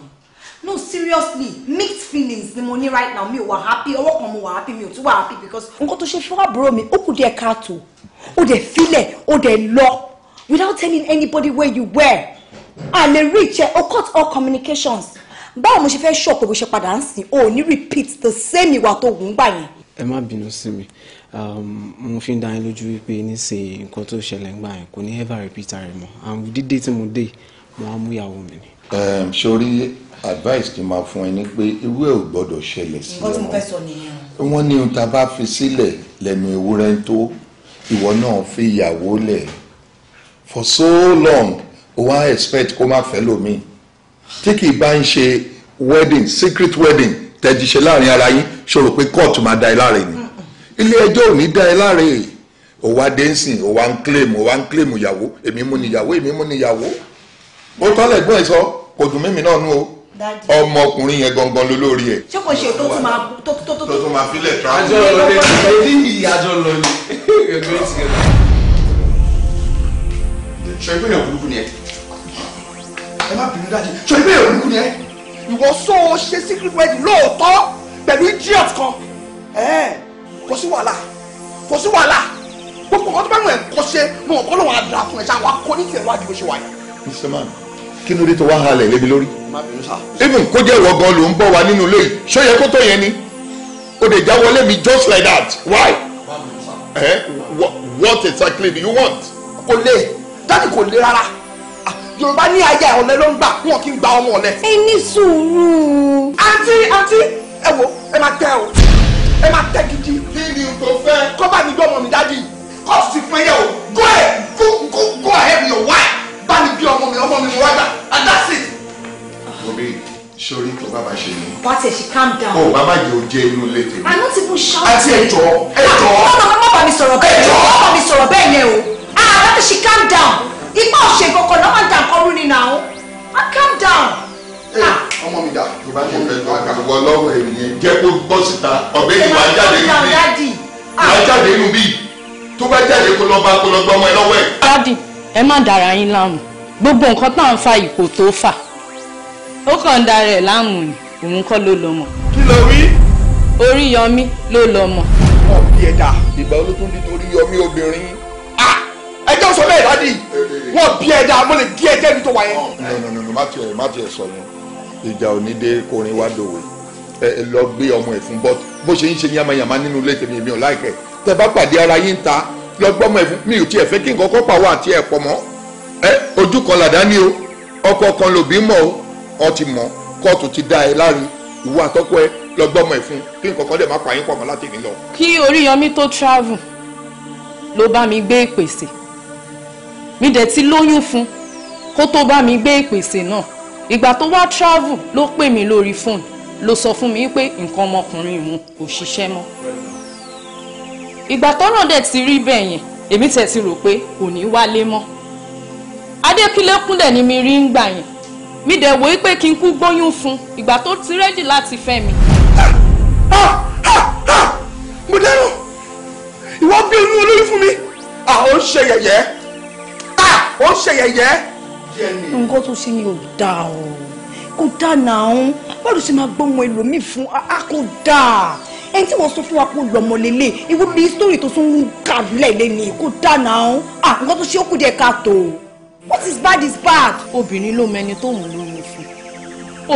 no seriously mixed feelings ni mo ní right now mi ò wà happy ọwọ́ kan mo wà happy mi ò tún wà happy because. nǹkan tó ṣe fún àbúrò mi ó kù díẹ̀ káàtó ó dẹ̀ filẹ̀ ó dẹ̀ lọ without telling anybody where you were and a reach ẹ o cut all communications báwo mo ṣe fẹ́ ṣọ̀pọ̀ bó ṣe padà ń sìn o ò ní repeat the same ìwà tó wù ú gbà yẹn. ẹ má bínú sí mi um, mo fi ń dá yín lójú wípé níṣe nǹkan tó ṣẹlẹ̀ ńgbà yẹn kò ní ever repeat ara mọ́ and dídé tí mo dé mo á mú ìyàwó mi ni. sori advice ti máa fún ẹ ni pé irú ẹ ò gbọ́dọ̀ ṣẹlẹ̀ sí ẹ mọ́ wọ́n ní ohun tá a bá fi sílẹ̀ lẹ́nu ewúrẹ́ tó ìwọ náà fi ìyàwó lẹ̀ for so long o wá expect kó má fẹ́ lómi tí kì í bá ṣe wedding secret wedding tẹ̀jíṣe láàrin ara yín ṣòro pé court ma da ẹ láre ni ilé ẹjọ́ ò ní da ẹ láre o wá dancing o wá ń claim o wá ń claim ìyàwó èmi mú níyàwó èmi mú níyàwó ó tọ́lẹ̀ gbọ́n ẹ̀ sọ kò dùn mímì náà nú o ọmọkùnrin yẹn gangan ló lórí ẹ. ṣé kò ṣe tó tún máa tó tó tó tó tó máa filẹ̀ tra. àjọ lọ ní àjọ lọ ní sọ̀rọ̀ ìpínlẹ̀ òkúrukú ni ẹ ẹ má bínú dájú sọ̀rọ̀ ìpínlẹ̀ òkúrukú ni ẹ ìwọ sọ ọ ṣe secret wedding lóòótọ́ pẹ̀lú idiot kan ẹ kò sí wàhálà kò sí wàhálà gbogbo ọdún báwọn ẹ̀kọ́ ṣe mọ ọ̀kọ́ lòun àdá fún ẹ ṣá wàá kó ní tiẹ̀ wájú bó ṣe wáyé. Mr. Man kí ló dé tó wá halẹ̀ lébi lórí. even kó jẹ́ ìwọ gan ló ń bọ̀ wá nínú ilé yìí ṣó yẹ kó tó yẹn ni o lè já wọlé mi just like that why eh? what exactly do you want. kò lè dáàdì kò le rárá ah, yorùbá ní ayé ọ̀lẹ ló ń gbà wọn kì í gba ọmọ ọ̀lẹ. ẹ ní sùúrù. àǹtí àǹtí ẹ wo ẹ máa tẹ o ẹ máa tẹ gidi. kí ni n tó fẹ́. kọ́ bá mi gbọ́ ọmọ mi dáàdì kọ́ sì fún ẹyẹ o go ẹ go go go ahead with your wife bá mi bí ọmọ mi ọmọ mi mo wá gbà and that's it. obi sori tó bàbá ṣe ni. bàtà ẹ̀ ṣe calm down. o oh, bàbá jẹ oje inú ilé tèmi. i no ti bú ṣáà. àti ẹjọ ẹjọ. ọmọ mi má bàa mi After she calm down. Ipa ọ̀ṣẹ̀ kọ̀kọ̀ náà máa ń dàn kọ́rú ni now. I ah, calm down. Ah. Ọmọ mi dà, tó bá jẹ́ pẹ̀lú àgbàgbọ́ lọ́wọ́ ènìyàn jẹ́ kó gbọ́ síta, ọ̀bẹ ìwà jáde nù bí. Ìwà jáde nù bí. Tó bá jáde kó lọ bá kó lọ gbọ́mọ ẹ lọ́wọ́ ẹ̀. Dádì, ẹ má dara yín láàmú. Gbogbo nǹkan tá à ń fa ìkò tó fà. Ó kàn ń dara ẹ̀ láàmú ni, òun kọ́ ló lọ mọ̀. Kí ló wí? Oríyọmí ló lọ mọ̀. Ọ̀bí ẹ̀dà, ìgbà olótúndì torí yọmí obìnrin sọ bẹ́ẹ̀ dádì wọ́n bí ẹ dáa mo lè bí ẹ jẹ́bi tó wà yẹn. nọ̀nọ̀nọ̀ má tiẹ̀ má tiẹ̀ sọ yẹn ìjà òní dé korin wá dòwe ẹ lọ gbé ọmọ ẹ̀ fún bọ́ bó ṣe ń ṣe yamayama nínú ilé tèmi èmi ò láìkẹ́ tẹ bá pàdé ara yín ta lọ gbọ́ ọmọ fún mi ò tiẹ̀ fẹ́ kí nǹkan kọ́ pàwọ́ àti ẹ̀ pọ̀ mọ́ ẹ ojú kan làdá ni o ọkọ kan lòbí mọ̀ o ọ ti mọ̀ kóòtù ti dá ẹ láre ìwọ àtọ́kọ ẹ lọ gbọ́ ọmọ fún kí nǹkan kan dẹ̀ má pààyàn pọ̀ mọ́ láti ìní lọ. kí Oríyọmí tó travel ló bá mi gbé ìpèsè mi dẹ̀ ti lóyún fún kó tó bá mi gbé ìpèsè náà ìgbà tó wá travel ló pè mí lórí fóònù ló sọ fún mi pé nǹkan ọmọkùnrin òun kò ṣiṣẹ́ mọ́ ìgbà tọ́rọ̀ dẹ̀ ti rí bẹ́ẹ̀ yẹn èmi tẹ̀ ti rò pé kò ní wálé mọ́ adékúnlékún dẹ̀ ni mi rí ń gbà yẹn mi dẹ̀ wòó pé kí n kú gbóyún fún ìgbà tó ti rẹ́dì láti fẹ́ mi. mo dẹ́rùn ìwọ bí oyún olóyún fún mi àwọn ń ṣe yẹ̀yẹ́ ó ṣe yẹ̀yẹ́. nǹkan tó ṣe ni ò dáa o kò dáa náà ń báwo ló ṣe máa gbọ́ ẹlòmíì fún a kò dáa ẹni tí wọ́n sọ fún wa kó lọ́mọ lélẹ̀ ìwé bíi sítórì tó tún ń kà lẹ́lẹ̀ ni kò dáa náà ń à nǹkan tó ṣe ó kù díẹ̀ káàtó what is bad is bad. obìnrin ló mẹni tó mú lóyún fún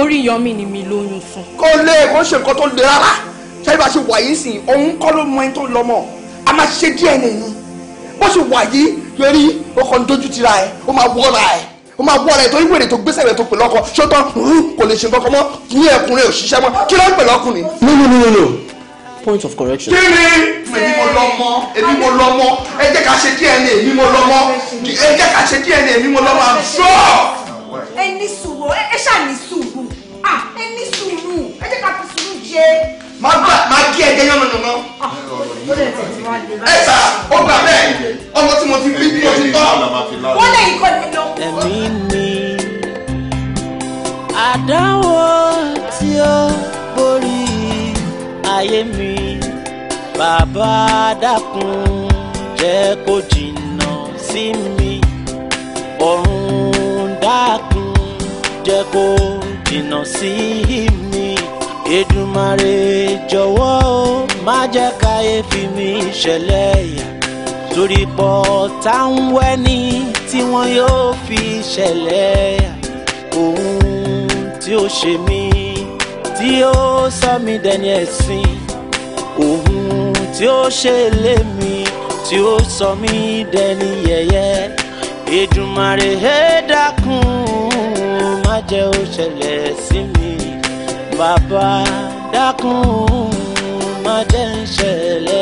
orí yọmí ni mi lóyún fún. kó lè kó ṣe nǹkan tó le rárá ṣé ibà ṣe wà yìí sìn òun kọ́ ló mọ ẹni tó lọ́mọ a máa ṣe díẹ̀ nìyí bó ṣe wà lórí ó kọ́ ní tójú tira ẹ̀ ó máa wọ́ra ẹ̀ ó máa wọ́ra ẹ̀ torí wèrè tó gbèsè rẹ̀ tó pè lọ́kọ ṣótọ́ kò lè ṣe nǹkan kan mọ́ ní ẹ̀kúnrẹ́ òṣìṣẹ́ mọ́ kí ló ń pè lọ́kùnrin. no no no no no point of correction. kí ni èmi mo lọ́mọ èmi mo lọ́mọ ẹ jẹ́ ká ṣe DNA èmi mo lọ́mọ ẹ jẹ́ ká ṣe DNA èmi mo lọ́mọ i'm sure. ẹ ní sùúrù ẹ ṣàní sùúrù ẹ ní sùúrù ẹ jẹ́ ká fi sùúrù jẹ máa gbà máa gé ẹ̀jẹ̀ yánnà ah, nàná. ẹ sà ó gbà bẹ́ẹ̀ ọmọ tí mo ti bí mo ti tọ́. wọ́n lè ni lọ. ẹ̀mí mi àdánwò tí ó borí ayé mi bàbá dákun jẹ́ kó jìnnà sí mi ọ̀run dákun jẹ́ kó jìnnà sí mi. Èdùmàrè jọ̀wọ́ o má jẹ́ káyé fi mí ṣẹlẹ̀ yà torí pọ̀ táwọn wẹ́ni tí wọ́n yóò fi ṣẹlẹ̀ yà ohun tí ó ṣe mí tí ó sọ mí dẹni ẹ̀sín ohun tí ó ṣe lé mi tí ó sọ mí dẹni yẹ̀yẹ́ Èdùmàrè ẹ dákun má jẹ́ ó ṣẹlẹ̀ sí mi bàbá dákun má jẹ́ ń ṣẹlẹ̀.